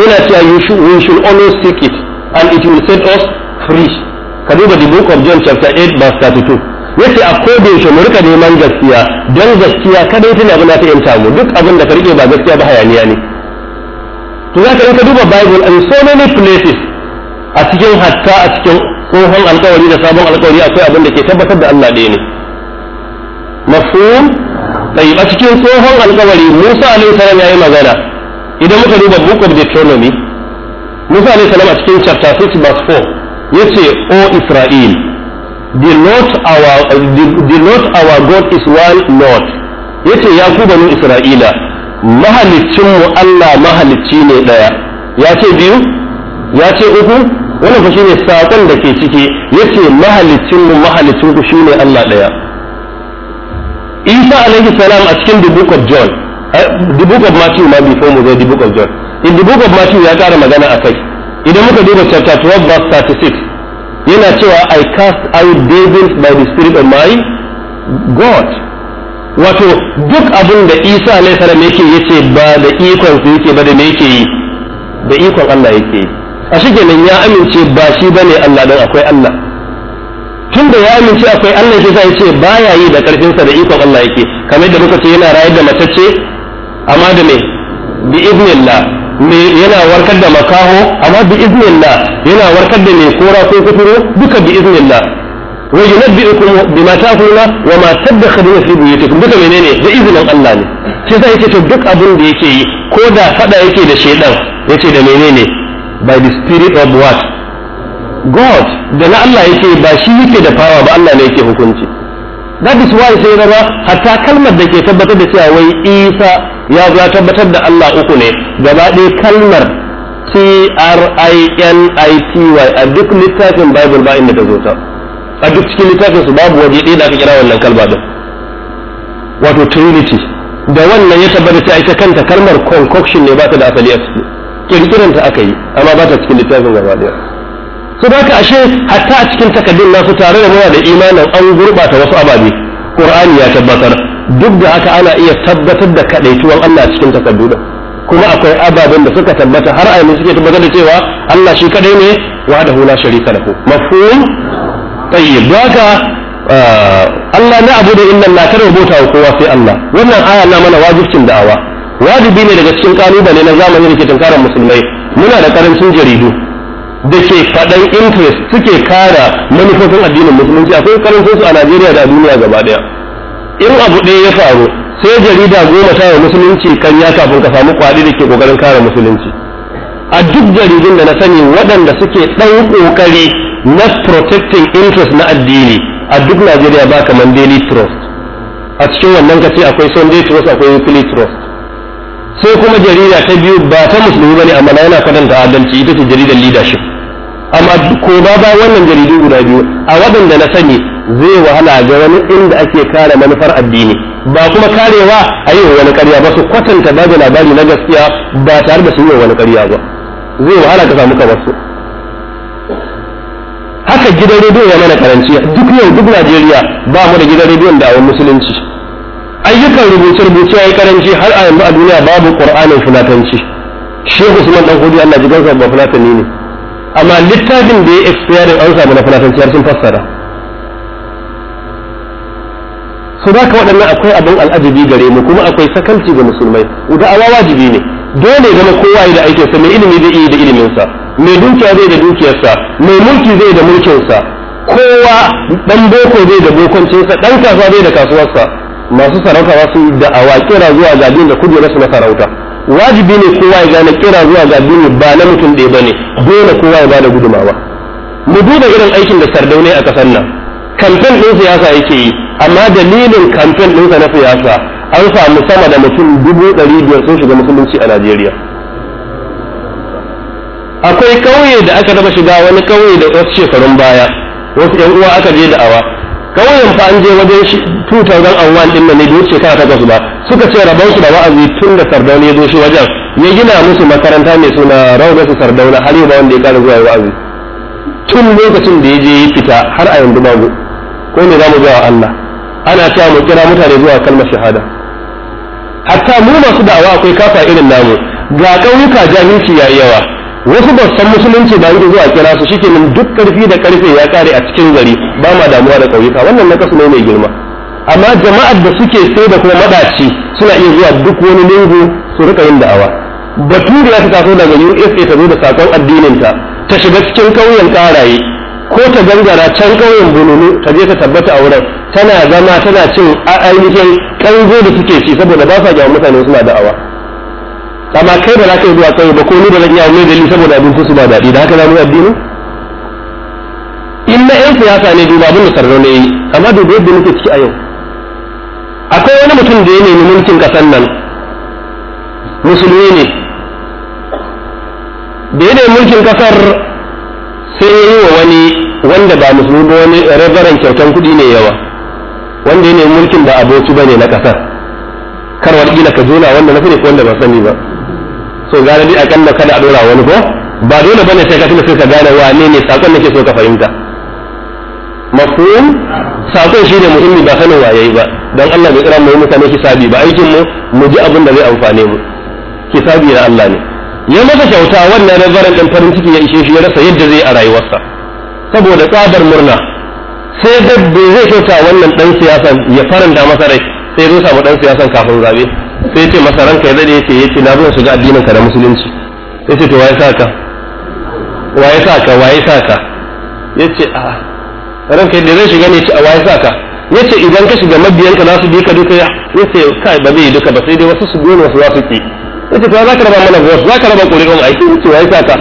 yana cewa you should, we should always seek it and it will set us free ka duba the book of John chapter 8 verse 32 yace a koda shi mu rika neman gaskiya don gaskiya kadai tana abin da ta yanta mu duk abin da ka rike ba gaskiya ba hayaniya ne to za ka duba bible and so many places a cikin hatta a cikin tsohon alkawari da sabon alkawari akwai abin da ke tabbatar da Allah ɗaya ne mafhum tayi a cikin tsohon alkawari Musa alaihi ya yi magana idan muka duba book of Deuteronomy Musa alaihi salam a cikin chapter 6 verse 4 yace o Israel the Lord our God is one Lord yace ya ku banu Isra'ila mahaliccin Allah mahalicci ne daya ya ce biyu ya ce uku wannan fa shine sakon da ke ciki yace mahalicin mu mahalicin ku shine Allah daya Isa alaihi salam a cikin the book of John eh, the book of Matthew ma bi mu zo the book of John in the book of Matthew ya kara magana akai idan muka duba chapter 12 verse 36 yana cewa I cast out devils by the spirit of my God wato duk abin da Isa alaihi salam yake yace ba da ikon su yake ba da me yake yi da ikon Allah yake yi a shi nan ya amince ba shi ba ne Allah don akwai Allah tun da ya amince akwai Allah shi sai ce ya yi da karfinsa da ikon Allah yake kamar yadda muka ce yana rayar da matacce amma da me bi iznillah me yana warkar da makaho amma bi iznillah yana warkar da me kora ko kuturo duka bi iznillah wa yunabbi'ukum bima ta'kuluna wa ma tadkhuluna fi buyutikum duka menene da izinin Allah ne shi sai yake to duk abin da yake yi ko da fada yake da shedan yace da menene by the spirit of what God da na Allah yake ba shi yake da fawa ba Allah ne yake hukunci that is why sai zama hatta kalmar da ke tabbatar da cewa wai Isa ya zo tabbatar da Allah uku ne gaba ɗaya kalmar T R I N I T Y a duk littafin Bible ba inda ta zo ta a duk cikin littafin su babu waje ɗaya da aka kira wannan kalma din wato Trinity da wannan ya tabbata ita kanta kalmar concoction ne ba ta da asali a cikin kirkiran ta aka yi amma ba ta cikin littafin gaba daya su ka ashe hatta a cikin takaddun nasu tare da muna da imanin an gurbata wasu ababe qur'ani ya tabbatar duk da haka ana iya tabbatar da kadaituwan Allah cikin takaddun kuma akwai ababen da suka tabbata har ayyuka suke tabbatar da cewa Allah shi kadai ne wahdahu la sharika lahu mafhum tayyib haka eh, Allah na abu da illa Allah ta rubuta wa kowa sai Allah wannan aya na mana wajibcin da'awa wajibi ne daga cikin kalubale na zamani da ke tunkarar musulmai muna da karancin jaridu da ke faɗan interest suke kara manufofin addinin musulunci akwai karancin su a Najeriya da duniya gaba ɗaya in abu ɗaya ya faru sai jarida goma ta musulunci kan ya kafin ka samu kwaɗi da ke ƙoƙarin kare musulunci a duk jaridun da na sani waɗanda suke ɗan ƙoƙari na protecting interest na addini a duk Najeriya ba kamar daily trust a cikin wannan kace akwai Sunday trust akwai weekly trust sai kuma jarida ta biyu ba ta musulmi bane amma na yana kwatanta adalci ita ce jaridar leadership amma ko ba ba wannan jaridu guda biyu a waɗanda na sani zai wahala ga wani inda ake kare manufar addini ba kuma karewa a yi wani karya ba su kwatanta ba da labari na gaskiya ba tare da su yi wani karya ba zai wahala ka samu kamar su haka gidan rediyo ya mana karanci duk yau duk najeriya ba mu da gidan rediyon da awon musulunci ayyukan rubuce-rubuce ya yi karanci har a yanzu a duniya babu ƙur'anin fulatanci shehu usman dan hudu allah ji gansa ba fulatani ne amma littafin da ya expire an samu na fulatanci har sun fassara su ka waɗannan akwai abin al'ajibi gare mu kuma akwai sakalci ga musulmai da awa wajibi ne dole zama kowa da aikinsa mai ilimi zai iya da iliminsa mai dukiya zai da dukiyarsa mai mulki zai da mulkinsa kowa dan boko zai da bokoncinsa dan kasuwa zai da kasuwarsa masu sarauta za su da'awa kira zuwa ga da kudi na sarauta wajibi ne kowa ya gane kira zuwa ga ba na mutum ɗaya ba ne dole kowa ya ba da gudumawa mu duba irin aikin da sardaunai a ƙasar nan kamfen ɗin siyasa yake yi amma dalilin kamfen ɗinsa na siyasa an samu sama da mutum dubu ɗari biyar sun shiga musulunci a najeriya akwai ƙauye da aka raba shiga wani ƙauye da wasu shekarun baya wasu 'yan uwa aka je da'awa ƙauyen fa an je wajen 2001 din ne duk shekara ta gasu ba suka ce rabon su da wa'azi tun da sardauna ya zo shi wajen ya gina musu makaranta mai suna su sardauna har yau wanda ya kare zuwa wa'azi tun lokacin da ya je ya fita har a yanzu babu ko ne zamu ga Allah ana cewa mu kira mutane zuwa kalmar shahada hatta mu masu da'awa akwai kafa irin namu ga ƙauyuka jahilci yayi yawa wasu ba san musulunci ba yi zuwa kira su ke min duk karfi da karfe ya kare a cikin gari ba ma damuwa da ƙauyuka wannan na kasu ne mai girma amma jama'ar da suke sai da kuma madaci suna iya zuwa duk wani lungu su rika yin da'awa bature ya ta taso daga USA ta zo da sakon addinin ta ta shiga cikin kauyen karaye ko ta gangara can kauyen bululu ta je ta tabbata a wurin tana zama tana cin ainihin kanzo da suke ci saboda ba sa jawo mutane suna da'awa amma kai ba za ka yi zuwa kauye ba ko ni ba zan yi mai dalili saboda abinci su ba daɗi da haka za mu yi addini in na 'yan siyasa ne duba abin da ne yi amma dubi yadda muke ciki a yau akwai wani mutum da ya nemi mulkin ƙasar nan musulmi ne da ya nemi mulkin ƙasar sai ya yi wa wani wanda ba musulmi ba wani rabaran kyautan kuɗi ne yawa wanda ya nemi mulkin ba aboki ba ne na ƙasar kar wani ka jona wanda na sani ko wanda ba sani ba so gane dai akalla kada a ɗora wani ko ba dole bane sai ka tuna sai ka gane wa ne sakon nake so ka fahimta mafhum sakon shi ne muhimmi ba sanin waye ba dan Allah bai kira mu mutane hisabi ba aikin mu mu ji abin da zai amfane mu hisabi na Allah ne ya masa kyauta wannan nazarin din farin ciki ya ishe shi ya rasa yadda zai a rayuwarsa saboda tsabar murna sai da zai kyauta wannan dan siyasan ya faranta masa rai sai zo samu dan siyasan kafin zabe sai ce masa ranka ya zade yake yace na zo ga addinin ka da musulunci sai ce to waye saka ka waye saka ka waye saka yace a'a ah, ranka da zai shiga ne ci a waye saka yace idan ka shiga mabiyanka za su bi ka duka yace kai ba zai yi duka ba sai dai wasu su gona wasu za su ki yace ta za ka raba mana gwas za ka raba ƙuri'un aiki yace waye saka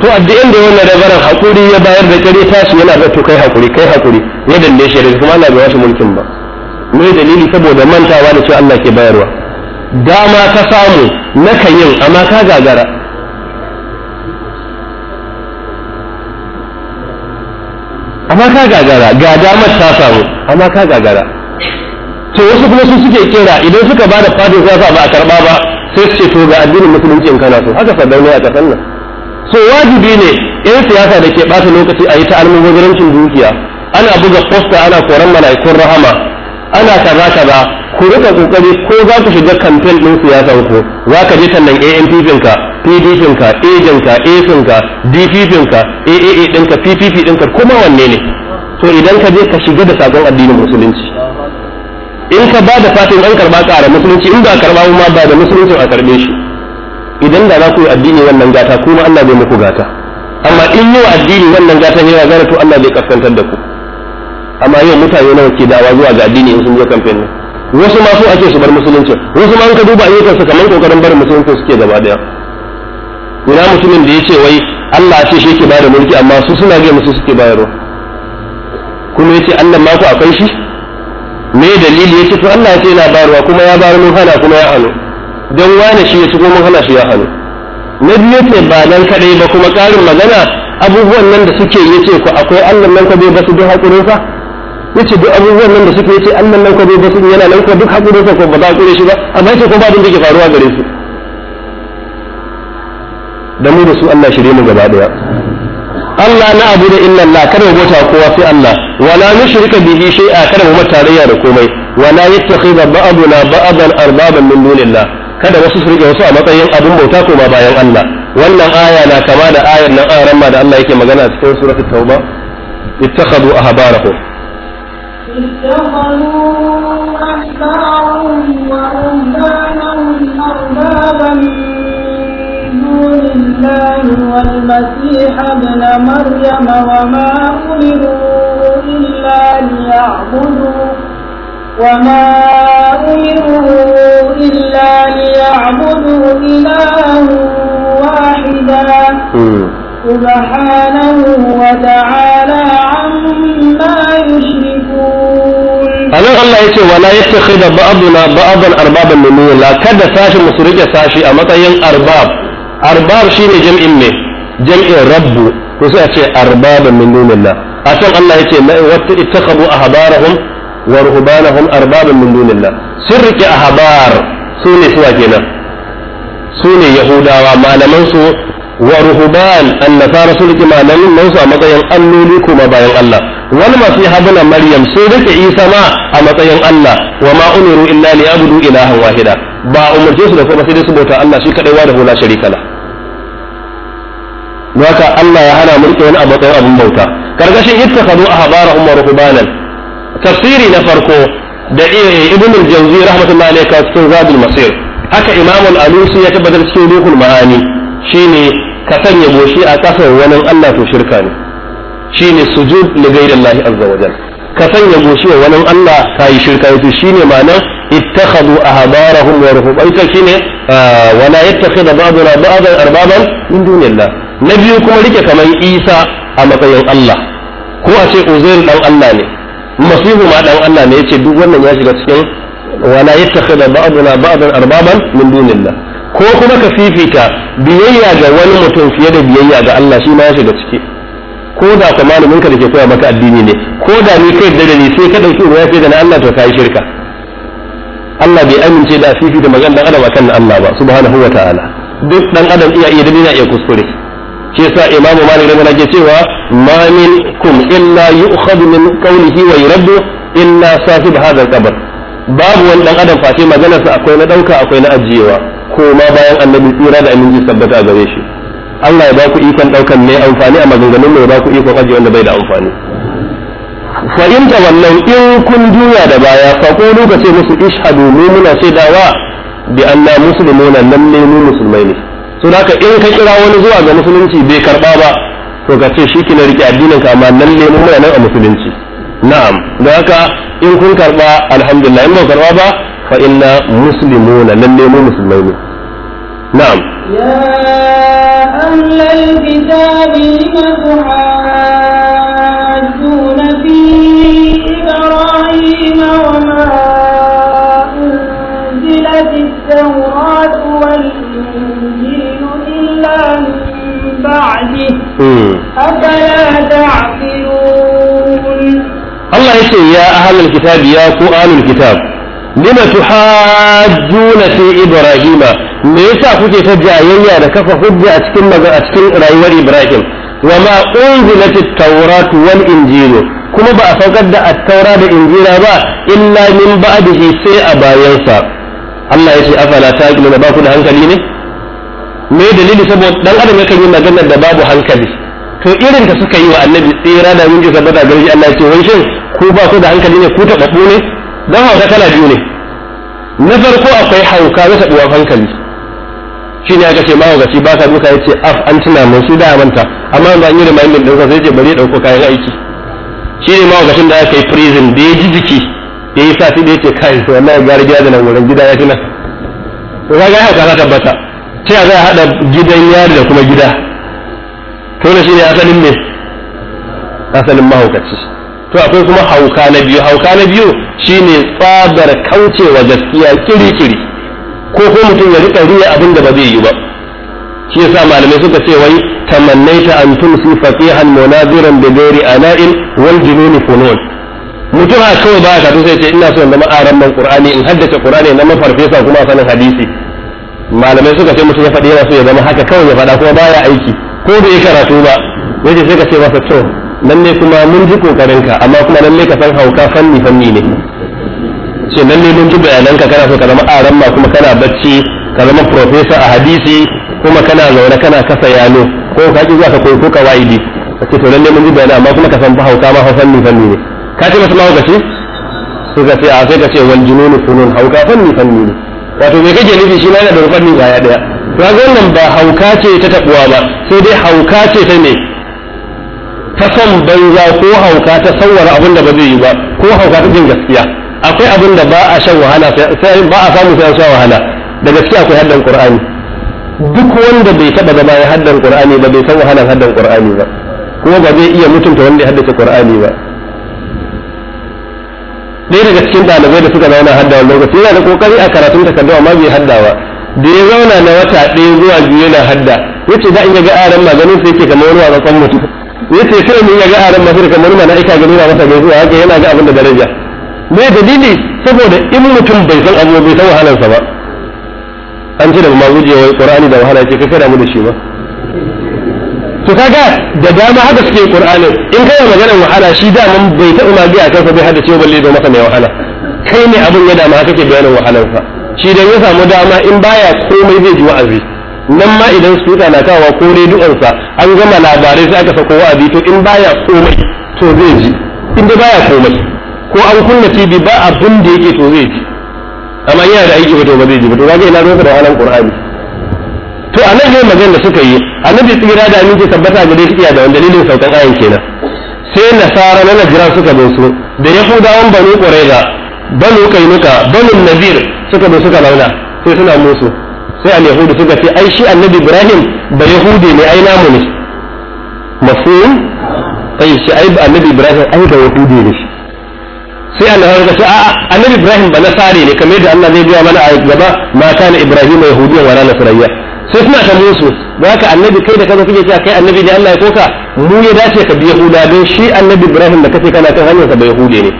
to addu'in da wannan rabaran hakuri ya bayar da kare tashi yana da to kai hakuri kai hakuri ya danne shi da kuma Allah bai wasu mulkin ba yi dalili saboda mantawa da cewa Allah ke bayarwa dama ka samu naka yin amma ka gagara amma ka gagara ga damar ta samu amma ka gagara to wasu kuma su suke kera idan suka bada fadin siyasa ba a karba ba sai su ce to ga addinin musulunci in kana so haka sadau ne a kasan nan so wajibi ne yan siyasa da ke bata lokaci a yi ta almubazirancin dukiya ana buga posta ana koran mala'ikun rahama ana kaza kaza ku rika kokari ko za ku shiga kamfen din siyasa ku za ka je tallan ANP ka pdp ka ejen ka ka dpp ka aaa dinka ppp dinka kuma wanne ne to idan ka je ka shiga da sakon addinin musulunci in ka ba da fatin an karba ƙara musulunci in ba karba ma ba da musuluncin a karbe shi idan da za ku yi addini wannan gata kuma Allah zai muku gata amma in wa addini wannan gata ne ya zara to Allah zai kaskantar da ku amma yau mutane nawa ke dawa zuwa ga addini in sun je kamfen wasu ma su ake su bar musulunci wasu ma an ka duba ayyukan su kamar kokarin barin musulunci suke gaba daya ina mutumin da ya ce wai Allah ce shi yake bada mulki amma su suna ga musu suke bayarwa kuma yace Allah ma ku akwai shi me dalili yace to Allah ce yana bayarwa kuma ya bayar mun hana kuma ya hano dan wani shi ya shigo mun hana shi ya hano na biyu ce ba nan kadai ba kuma karin magana abubuwan nan da suke yace ku akwai Allah nan ka bai ba su duk hakurin sa yace duk abubuwan nan da suke yace Allah nan ka bai ba su yana nan ka duk hakurin sa ko ba za ku shi ba amma yace ko ba din da ke faruwa gare su da mu da su Allah shirye mu gaba daya Allah na abu da illa Allah kada mu bata kowa sai Allah wala nushrika bihi shay'a kada mu tarayya da komai wala yattakhidha ba'duna ba'dan arbaban min dunillah kada wasu su rike wasu a matsayin abin bauta ko ba bayan Allah wannan aya na kama da ayar nan aran ma da Allah yake magana a cikin suratul tauba ittakhadhu ahbarahum اتخذوا أحبارهم وأمانهم الله والمسيح ابن مريم وما أمروا إلا ليعبدوا وما أمروا إلا ليعبدوا إلها واحدا سبحانه وتعالى عما يشركون أنا الله يتي ولا يتخذ بعضنا بعضا أربابا من دون الله كذا ساشي مصرية ساشي أمتين أرباب arbab shine jam'in ne jam'in rabbu to sai a ce arbaba min dunillah a can Allah yace wata ittakhadu ahbarahum wa ruhbanahum arbaban min dunillah sun rike ahbar su ne suwa kenan su ne yahudawa malaman su wa ruhban annasara sun rike nan su a matsayin alloli kuma bayan Allah wani masu habuna maryam sun rike isa ma a matsayin Allah wa ma umiru illa liyabudu ilahan wahida ba umarce su da kuma sai su bauta Allah shi kadai wa da hula sharika haka Allah ya hana mu rike wani abu matsayin abin bauta karkashin ittakhadu ahbarahum wa ruhbanan tafsiri na farko da ibn al-jawzi rahmatullahi alayhi ka cikin zadul masir haka imam al-alusi ya tabbatar cikin ruhul ma'ani shine ka sanya goshi a kasar wani Allah to shirka ne shine sujud li ghayrillahi azza wa jalla ka sanya goshi wa wani Allah ka yi shirka to shine ma'anar ittakhadu ahbarahum wa ruhbanan shine ah, wala yattakhidha ba'duna ba'dan arbaban min dunillah na biyu kuma rike kamar isa a matsayin allah ko a ce uzair dan allah ne masihu ma dan allah ne yace duk wannan ya shiga cikin wala yattakhidha ba'duna ba'dan arbaban min dunillah ko kuma ka fifita biyayya ga wani mutum fiye da biyayya ga Allah shi ma ya shiga ciki ko da ka malumin ka da ke koya maka addini ne ko da ni kai da dare sai ka dauki ruwa sai da na Allah to kai shirka Allah bai amince da fifita magana dan adam akan Allah ba subhanahu wataala duk dan adam iya iya na iya kuskure shi yasa imam malik da yake cewa ma minkum illa yu'khadhu min qawlihi wa yuraddu illa sahib hadha al-qabr babu wani dan adam face sa akwai na dauka akwai na ajiyewa ko ma bayan annabi tsira da aminci sabbata a gare shi Allah ya ba ku ikon daukan ne amfani a maganganun mai ba ku ikon ajiye wanda bai da amfani fa in tawallaw in kun duniya da baya fa ko lokaci musu ishadu mu muna shaidawa bi anna muslimuna lalle mu musulmai ne so in ka kira wani zuwa ga musulunci bai karba ba to ka ce shi na rike addinin ka amma nan ne mun nan a musulunci na'am da haka in kun karba alhamdulillah in ba karba ba fa inna muslimuna lalle mu musulmai ne na'am ya ahlal kitab allah ya ya يقول يا أهل الكتاب يا قرآن الكتاب لما تحاجون في إبراهيم me yasa kuke ta jayayya da kafa hujja a cikin a cikin rayuwar Ibrahim wa ma unzilat at-taurat wal injil kuma ba a saukar da at-taura da injila ba illa min ba'dihi sai a bayansa Allah ya ce afala taqiluna ba ku da hankali ne me dalili saboda dan adam yakan yi maganar da babu hankali to irin da suka yi wa annabi tsira da mun ji gaba bada garji Allah ya ce wai shin ku ba ku da hankali ne ku ta dabbu ne dan hauka kala biyu ne na farko akwai hauka na tabuwa hankali shi ne aka ce ma gaci ba ka duka yace af an tuna mun su da manta amma ba an yi reminder din sa sai ce bari ya dauko kayan aiki shi ne ma gacin da aka yi prison da ya ji jiki ya yi sati da ya ce kai wallahi gari gida da nan wurin gida ya tuna to ga hauka za ta tabbata ta ya za a hada gidan yari da kuma gida to ne shine asalin me asalin mahaukaci to akwai kuma hauka na biyu hauka na biyu shine tsadar kaucewa gaskiya kiri-kiri ko ko mutum ya riƙa riya abin da ba zai yi ba shi yasa malamai suka ce wai tamannaita an su fasihan munaziran bi ghairi ana'in wal jununi funun mutum ha kawai ba ka sai ce ina son zama aran man qur'ani in haddace qur'ani na mafarfesa kuma sanin hadisi malamai suka ce mutum ya faɗi yana so ya zama haka kawai ya faɗa kuma baya aiki ko bai karatu ba yace sai ka ce masa to nan ne kuma mun ji kokarin ka amma kuma nan ne ka san hauka fanni fanni ne ce nan ne mun ji bayanan ka kana so ka zama aran ma kuma kana bacci ka zama professor a hadisi kuma kana zaune kana kasa yalo ko ka ji zuwa ka koyi ko ka waidi ce to nan ne mun ji bayanan amma kuma ka san ba hauka ma fanni fanni ne ka ce masa ma sai ka ce a sai ka ce wal jununu funun hauka fanni fanni ne wato me kake nufi shi ne da fanni gaya daya to wannan ba hauka ce ta taɓuwa ba sai dai hauka ce ta ne ta son banza ko hauka ta sauwara abin da ba zai yi ba ko hauka ta jin gaskiya akwai abin da ba a shan wahala sai ba a samu sai an sha wahala da gaskiya akwai haddan qur'ani duk wanda bai taɓa zama ya haddan qur'ani ba bai san wahalan haddan qur'ani ba kuma ba zai iya mutunta wanda ya haddace qur'ani ba ɗaya daga cikin ɗalibai da suka zauna haddawa lokaci yana da kokari a karatun takardu amma bai haddawa da ya zauna na wata ɗaya zuwa biyu yana hadda yace za a ya ga aran maganin sai yake kamar wani mutu ya ce sai mun ya ga aran masu kamar wani mala'ika gani na masa gaisuwa haka yana ga abin da daraja me dalili saboda in mutum bai san abu bai san wahalarsa ba an ce da ma wa qur'ani da wahala ce ka kada mu da shi ba to kaga da dama haka suke qur'ani in kai maganar wahala shi da mun bai taɓa magiya kansa bai hada ce balle da masa mai wahala kai ne abin ya dama kake bayanin wahalarsa shi dan ya samu dama in baya komai zai ji wa'azi nan ma idan suta na kawa ko rediyonsa an gama labarai sai aka sako wa'azi to in baya komai to zai ji in da baya komai ko an kunna tv ba abin da yake to zai ji amma yana da aiki ba to ba zai ji ba to kaga ina zo da halan qur'ani to a nan ne magana da suka yi annabi tsira da aminci tabbata gare shi da wanda dalilin saukan ayin kenan sai nasara na najira suka bin su da yahudawan banu qurayza banu kainuka banu nazir suka zo suka launa sai suna musu sai al yahudu suka ce ai shi annabi ibrahim ba yahudi ne ai namu ne mafhum ai shi ai annabi ibrahim ai ba yahudi ne shi sai Allah ya ce a'a annabi Ibrahim ba nasare ne kamar yadda Allah zai biya mana a gaba ma kana Ibrahim yahudiyya wa la nasriyya sai suna ta musu ba ka annabi kai da kaza kake cewa kai annabi ne Allah ya koka mu ya dace ka bi yahuda don shi annabi Ibrahim da kace kana kan hanyar ka ba yahude ne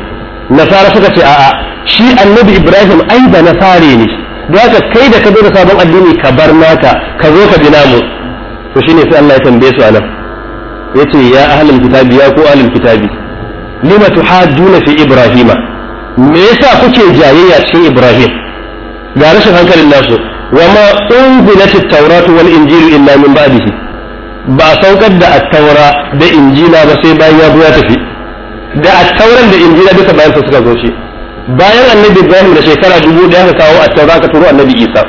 nasara suka ce a'a shi annabi ibrahim ai da na ne da haka kai da ka zo da sabon addini ka bar naka ka zo ka bi namu to shine sai Allah ya tambaye su anan yace ya ahlul kitabi ya ku ahlul kitabi lima tuhajjuna fi ibrahima me yasa kuke jayayya cikin ibrahim ga rashin hankalin nasu wa ma unzilat at-tauratu wal injilu illa min ba'dihi ba saukar da at-taura da injila ba sai bayan ya zo tafi da at-tauran da injila duka bayan suka zo shi bayan annabi ibrahim da shekara dubu da ka kawo a za ka turo annabi isa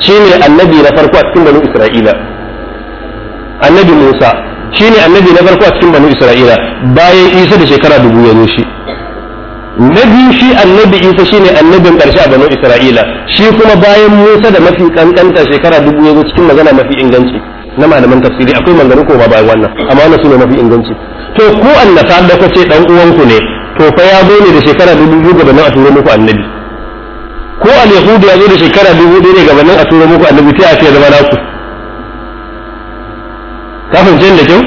Shi ne annabi na farko a cikin banu isra'ila annabi musa shi ne annabi na farko a cikin banu isra'ila bayan isa da shekara dubu ya zo shi na biyu shi annabi isa ne annabin ƙarshe a banu isra'ila shi kuma bayan musa da mafi ƙanƙanta shekara dubu ya zo cikin magana mafi inganci na malaman tafsiri akwai manzanni ko ba bayan wannan amma wannan sune mafi inganci to ko annata da kace dan uwanku ne to fa ya zo ne da shekara dubu biyu nan a turo muku annabi ko al yahudi ya zo da shekara dubu ɗaya ne gabanin a turo muku annabi ta ya zama naku ka fahimce da kyau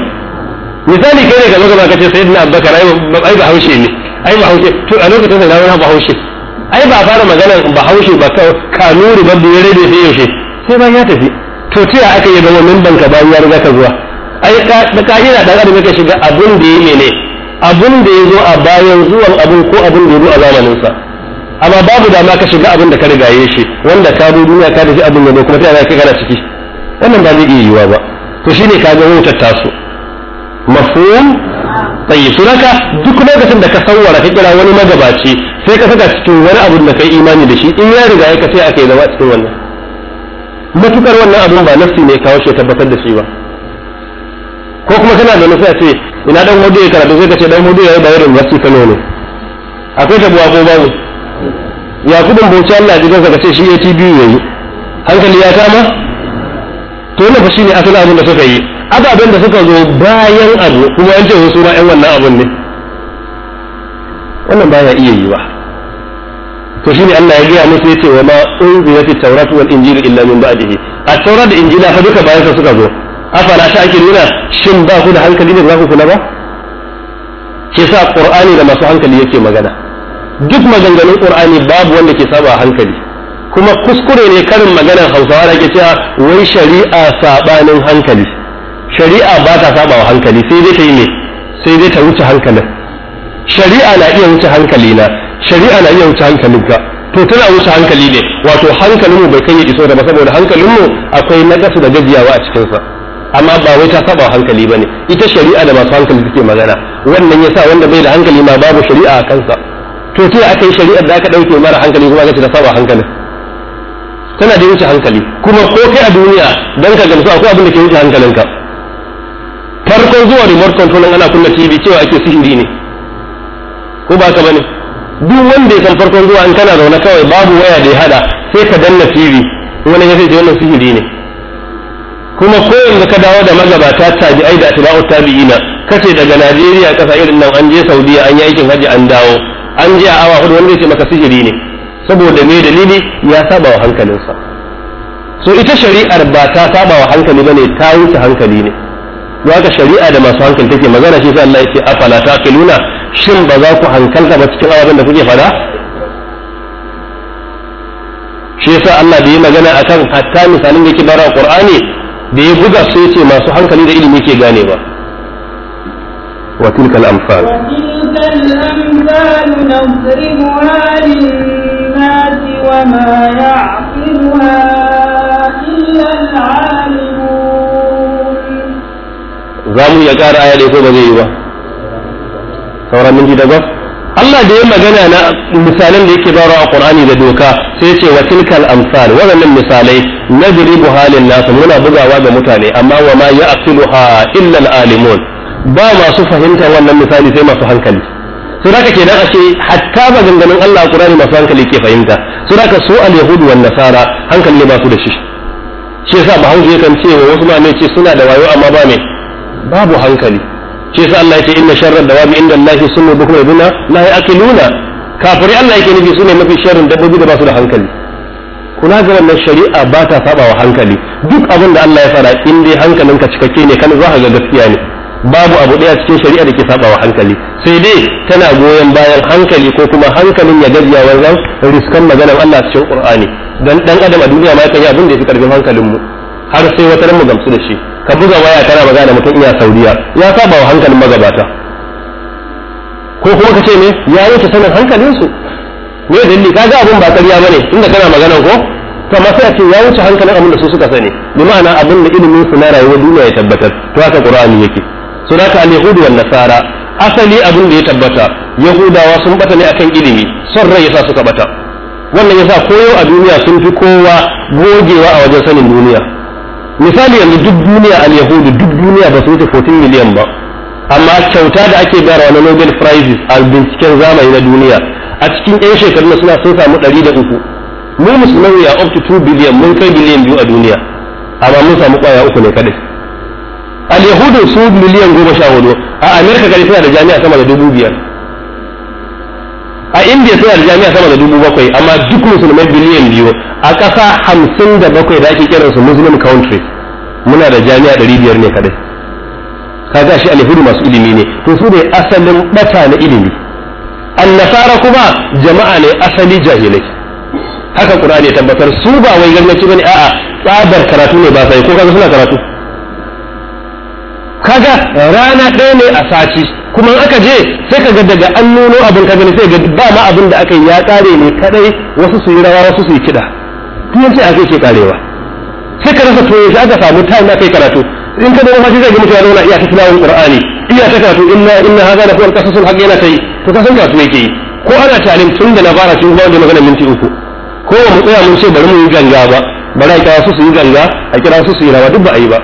misali kai ne ka zo gaba ka ce sayyidina abubakar ai ba haushe ne ai ba haushe to a lokacin da na ba haushe ai ba fara magana ba haushe ba kanuri ba bere da sai yaushe sai ban ya tafi to ce aka yi zama min banka bayan ya riga ka zuwa ai ka ka'ida dan adam ka shiga abin da ya ne abin da ya zo a bayan zuwan abin ko abin da ya zo a zamaninsa amma babu dama ka shiga abin da ka rigaye shi wanda ka zo duniya ka tafi abin da kuma ta yana kai kana ciki wannan ba zai iya yiwuwa ba to shine ka ga wutar taso mafhum tayi sunaka duk lokacin da ka sawara ka kira wani magabaci sai ka saka cikin wani abin da kai imani da shi in ya riga ya kace ake zama cikin wannan matukar wannan abin ba nafsi ne kawo shi tabbatar da shi ba ko kuma kana da nufi a ce ina dan hudu ya karatu sai ka ce dan hudu ya yi bayarin wasu ne. akwai ta buwa ko mu. ya kudin bauchi Allah ji kansa ka ce shi ATB ya yi hankali ya kama to wannan fa shine asalin abin da suka yi ababen da suka zo bayan abu kuma an ce wasu ma wannan abun ne wannan baya iya yi ba to shi ne Allah ya gaya musu ce wa ma unzilat at-taurat wal injil illa min ba'dihi A taurat da injila fa duka bayan suka zo afala ta ake nuna shin ba ku da hankali ne za ku kula ba ke sa qur'ani da masu hankali yake magana duk maganganun qur'ani babu wanda ke saba hankali kuma kuskure ne karin maganar hausawa da ke cewa wai shari'a sabanin hankali shari'a ba ta saba wa hankali sai dai ta yi ne sai dai ta wuce hankalin shari'a na iya wuce hankali na shari'a na iya wuce hankalin ka. to tana wuce hankali ne wato hankalinmu bai kai ya iso da ba saboda hankalinmu akwai nakasu da gajiyawa a cikinsa amma ba wai ta saba hankali bane ita shari'a da masu hankali suke magana wannan yasa wanda bai da hankali ma babu shari'a a kansa to sai aka yi shari'ar da aka dauke mara hankali kuma aka ce da saba hankali tana da wuce hankali kuma ko kai a duniya dan ka gamsu akwai abin da ke wuce hankalinka farkon zuwa remote control ana kunna TV cewa ake sihiri ne ko ba ka bane duk wanda ya san farkon zuwa in kana zaune kawai babu waya da ya hada sai ka danna TV wani ya sai wannan sihiri ne kuma ko yanzu ka dawo da magabata tabi'ai da atba'u tabi'ina kace daga Najeriya kasa irin nan an je Saudiya an yi aikin haji an dawo an je a awa hudu wanda ce maka sihiri ne saboda me dalili ya saba wa hankalinsa so ita shari'ar ba ta saba wa hankali bane ta wuce hankali ne ga shari'a da masu hankali take magana shi sai Allah ya ce afala taqiluna shin ba za ku hankalta ba cikin abin da kuke fada shi yasa Allah da yi magana akan hatta misalin da yake bara Qur'ani da ya buga su yace masu hankali da ilimi ke gane ba wa tilka al-amsal وما يعقلها إلا العالمون زامو يقار آية ليكو بذيوة سورة من جدا Allah da ya magana na misalan da yake bayarwa a Qur'ani da doka sai ce wa tilkal amsal waɗannan misalai na nadribu halin nasu muna bugawa ga mutane amma wa ma ya'qiluha illa al-alimun ba masu fahimta wannan misali sai masu hankali su da ke ce ashe hatta ganganin Allah Qur'ani masu hankali ke fahimta su da su al-yahudu wan nasara hankali ne ba su da shi shi yasa bahaushe yakan ce wa wasu ma ce suna da wayo amma ba ne babu hankali shi yasa Allah ya ce inna sharra dawabi inda Allah sunnu bukum la ya'qiluna kafirai Allah yake nufi su ne mafi sharrin dabbobi da ba su da hankali kuna ga wannan shari'a ba ta saba wa hankali duk abin da Allah ya fara in dai hankalinka cikakke ne kan za ka ga gaskiya ne babu abu daya cikin shari'a da ke saba wa hankali sai dai tana goyon bayan hankali ko kuma hankalin ya gajiya wannan riskan maganar Allah cikin Qur'ani dan dan adam a duniya ma yakan yi abin da yafi karfin hankalin mu har sai wata mu gamsu da shi ka buga waya tana magana da mutum iya Saudiya ya saba wa hankalin magabata ko kuma ka ce ne ya wuce sanin hankalinsu me dalili ka ga abin ba ƙarya bane inda kana magana ko to amma sai ya wuce hankalin abin da su suka sani bi ma'ana abin da ilimin su na rayuwar duniya ya tabbatar to haka qur'ani yake so da ka al-yahud nasara asali abin da ya tabbata yahudawa sun bata ne akan ilimi son rai ya sa suka bata wannan yasa koyo a duniya sun fi kowa gogewa a wajen sanin duniya misali yanzu duk duniya al-yahud duk duniya ba su wuce 14 miliyan ba amma kyauta da ake bayarwa na Nobel Prizes a binciken zamani na duniya a cikin 'yan shekarun suna sun samu ɗari da uku mu musulmai ya up to 2 billion mun kai biliyan biyu a duniya amma mun samu kwaya uku ne kadai al-yahudu su miliyan goma sha hudu a amerika gari suna da jami'a sama da dubu biyar a india suna da jami'a sama da dubu bakwai amma duk musulmai biliyan biyu a ƙasa hamsin da bakwai da ake kiransu muslim countries muna da jami'a ɗari biyar ne kadai Ka ga shi alhuri masu ilimi ne to su ne asalin bata na ilimi annasara kuma jama'a ne asali jahilai haka qur'ani ya tabbatar su ba wai gangaci bane a'a tsabar karatu ne ba sai ko kaga suna karatu kaga rana ɗaya ne a sati kuma aka je sai ka ga daga an nuno abin ka gani sai ga ba ma abin da aka yi ya tsare ne kadai wasu su yi rawa wasu su yi kida kuma sai aka ke karewa sai ka rasa to yaushe aka samu time na kai karatu in ka dama shi zai gama cewa zauna iya ta tilawar qur'ani iya ta karatu inna inna hadha la huwa al-qasasul haqq yana tai to ka san karatu yake yi ko ana talim tun da na fara shi ba da magana minti uku ko mu tsaya mun ce bari mu yi ganga ba bari a kira su su yi ganga a kira su su yi rawa duk ba a yi ba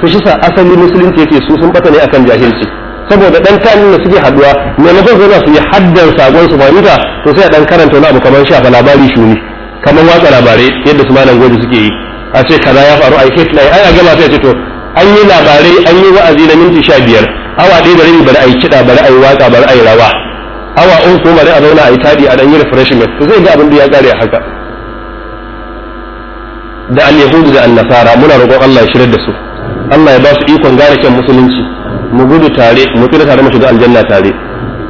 to shi sa asali musulunci yake su sun bata ne akan jahilci saboda dan kanin da suke haduwa maimakon zauna su yi haddan sagon su fahimta to sai a dan karanta na abu kamar shafa labari shuni kamar watsa labarai yadda su malam gobe suke yi a ce kaza ya faru a yi headline ai a gama sai ce to an yi labarai an yi wa'azi na minti sha biyar awa ɗaya da bari bari a yi kiɗa bari a yi waƙa bari a yi rawa awa un ko bari a zauna a yi taɗi a ɗan yi refreshment to zai ga abin da ya ƙare haka da al-yahudu da an-nasara muna roƙon Allah ya shirar da su Allah ya ba su ikon gane kyan musulunci mu gudu tare mu tsira tare mu shiga aljanna tare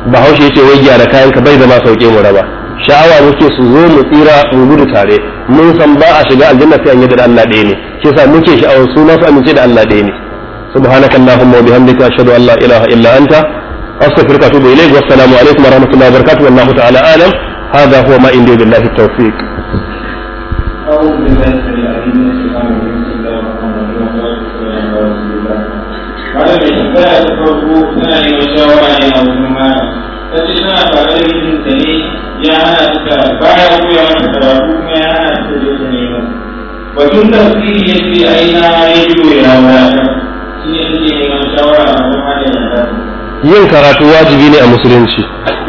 bahaushe yace wai gyara kayan ka bai zama sauke mu raba sha'awa muke su zo mu tsira mu gudu tare mun san ba a shiga aljanna sai an yadda da Allah ɗaya ne shi yasa muke sha'awar su ma su amince da Allah ɗaya ne سبحانك اللهم وبحمدك أشهد أن لا إله إلا أنت أستغفرك وأتوب إليك والسلام عليكم ورحمة الله وبركاته والله تعالى أعلم هذا هو ما عندي بالله التوفيق. أعوذ بالله من الشيطان الرجيم بسم الله الرحمن الرحيم والصلاة والسلام على رسول الله. وعلى الإشفاء تفرقوا ثاني وشاورا يا أبو ta ce tana tare da mijinta ne ya hana ta baya koya mata karatu kuma ya hana ta je ta nema batun tafsiri ya ce ai na rediyo ya wadatar shi ne suke neman shawara a kuma da ya yin karatu wajibi ne a musulunci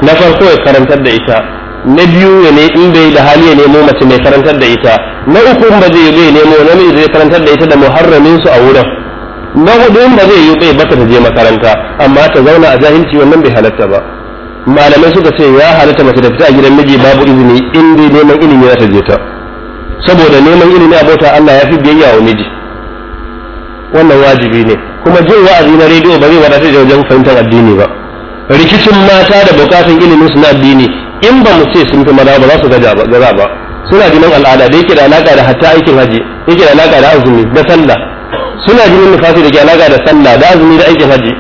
na farko ya karantar da ita na biyu ya ne in bai da hali ya nemo mace mai karantar da ita na uku ba zai bai nemo namiji zai karantar da ita da muharramin su a wurin na hudu in ba zai yi bai bata ta je makaranta amma ta zauna a jahilci wannan bai halatta ba malamai suka ce ya halitta mace da fita a gidan miji babu izini in dai neman ilimi za ta je ta saboda neman ilimi a bauta Allah ya fi biyayya wa miji wannan wajibi ne kuma jin wa'azi na rediyo ba zai wadatar da wajen fahimtar addini ba rikicin mata da bukatun ilimin su na addini in ba mu ce sun fi maza ba za su gaza ba suna jinin al'ada da yake da alaka da hatta aikin haji yake da alaka da azumi da sallah suna jinin nufasi da ke alaka da sallah da azumi da aikin haji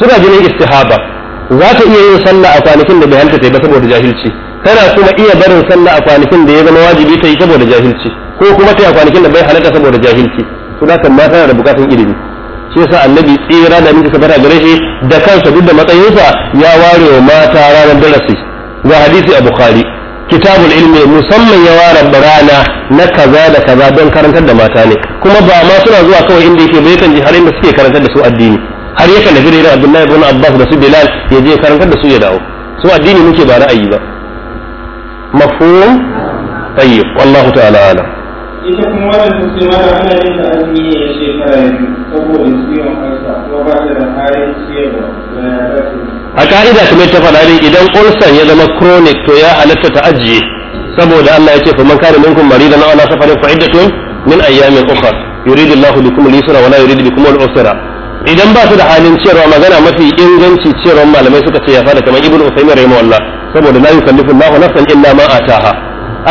suna jinin istihaba za ta iya yin sallah a kwanakin da bai halitta ta yi ba saboda jahilci tana kuma iya barin sallah a kwanakin da ya zama wajibi ta yi saboda jahilci ko kuma ta yi a kwanakin da bai halitta saboda jahilci to da kan tana da bukatun ilimi shi yasa annabi tsira da miji sabata gare shi da kansa duk da matsayinsa ya ware wa mata ranar darasi ga hadisi a bukhari kitabul ilmi musamman ya ware rana na kaza da kaza don karantar da mata ne kuma ba ma suna zuwa kawai inda yake bai kan ji har inda suke karantar da su addini har ya kallabi da irin abdullahi ibn abbas da su bilal ya je karantar da su ya dawo su addini muke ba ra'ayi ba mafhum tayyib wallahu ta'ala alam ita kuma wannan musulma da ana yin da azumi ya shekara biyu saboda ciwon kansa ko ba ta da halin ciyarwa a ka'ida kamar ta faɗa ne idan ulcer ya zama chronic to ya halatta ta ajiye saboda Allah ya ce fa man kana minkum maridan aw ala safarin fa iddatun min ayyamin ukhra yuridu Allahu bikum al-yusra wa la yuridu bikum al-usra idan ba su da halin ciyarwa magana mafi inganci ciyarwar malamai suka ce ya fada kamar ibnu usaymin rahimahullah saboda la yukallifu Allahu nafsan illa ma ataha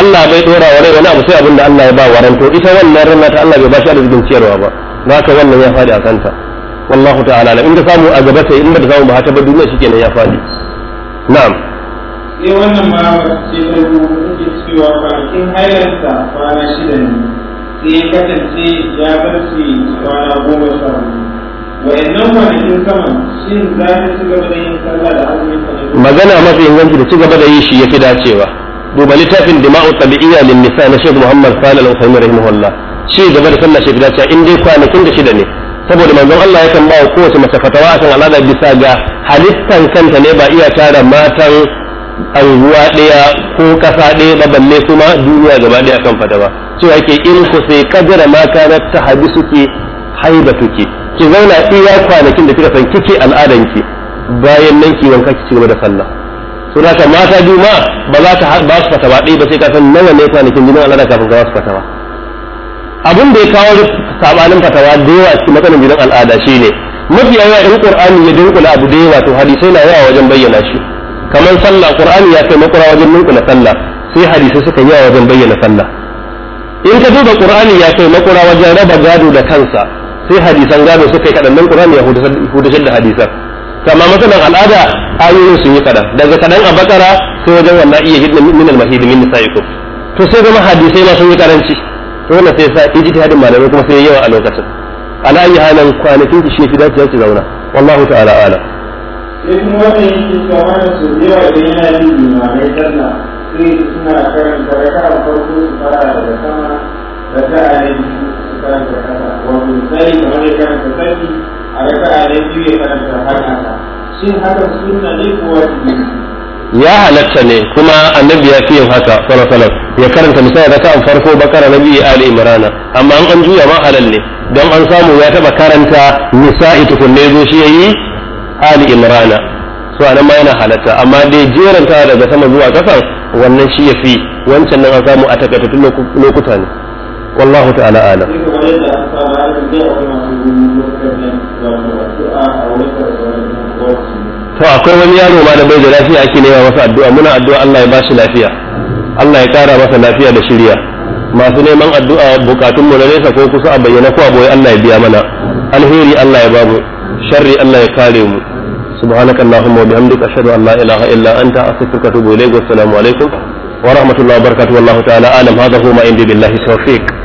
Allah bai dora wa rai wani abu sai abin da Allah ya ba wa ranto ita wannan rana ta Allah bai ba shi arzikin ciyarwa ba haka wannan ya fadi a kanta wallahu ta'ala in ka samu a gaba sai in ba da samu ba ta ba duniya shikenan ya fadi na'am sai wannan ma ce da kuke cewa kwanakin hailarsa kwana shida ne sai ya kasance ya bar shi kwana goma sha magana mafi inganci da ci gaba da yi shi yafi dacewa duba littafin dima'u tabi'iyya lin nisa na Sheikh Muhammad Salih Al-Uthaymeen rahimahullah shi gaba da sallah shi dacewa in dai kwanakin da shida ne saboda manzon Allah yakan ba kowace mace fatawa akan al'ada bisa ga halittan kanta ne ba iya tara matan anguwa daya ko kasa ɗaya ba balle kuma duniya gaba daya kan fatawa cewa ake in ku sai kadara ma kana ta habi suke haiba tuke ki zauna iya kwanakin da kika san kike al'adan ki bayan nan ki wanka ki cigaba da sallah sun ka mata biyu ma ba za ta ba su fata ba dai ba sai ka san nawa ne kwanakin jinin al'ada kafin ka ba su fata ba abin da ya kawo sabanin fatawa da yawa cikin matsalar jinin al'ada shine mafi yawa in qur'ani ya dinkula abu da yawa to hadisai na yawa wajen bayyana shi kamar sallah qur'ani ya kai makura wajen dinkula sallah sai hadisai suka yawa wajen bayyana sallah in ka duba qur'ani ya kai makura wajen raba gado da kansa sai hadisan gado suka yi kadan nan ya da hadisan kama masalan al'ada ayoyin sun yi kadan daga kadan a bakara sai wajen wannan iya hidin min al-mahidi min nisa'ikum to sai zama hadisai ma sun yi karanci to wannan sai sa ijtihadin malamai kuma sai yawa a lokacin ala ayi halan kwanakin ki shi da ta zauna wallahu ta'ala ala wani yake su yawa yana sallah sai suna karanta raka'a farko su fara daga sama ne su ya karanta ne halatta ne kuma annabi ya fi yin haka sallallahu ya karanta misali raka'an farko bakara na biyu ali imrana amma an an juya ma halal ne don an samu ya taba karanta nisa'i tukunne zo shi yayi ali imrana so anan ma yana halatta amma dai jeranta daga sama zuwa kasan wannan shi ya fi wancan nan an samu a takaitattun lokuta ne wallahu ta'ala alam yadda aka ya zai akwai masu gudun lokacin a wakar wani to akwai wani yaro ma da bai da lafiya ake nema masa addu'a muna addu'a Allah ya ba shi lafiya Allah ya kara masa lafiya da shirya masu neman addu'a bukatun mu na nesa ko kusa a bayyana ko a boye Allah ya biya mana alheri Allah ya ba mu sharri Allah ya kare mu سبحانك اللهم وبحمدك أشهد أن لا إله إلا أنت أستغفرك وأتوب إليك والسلام عليكم ورحمة الله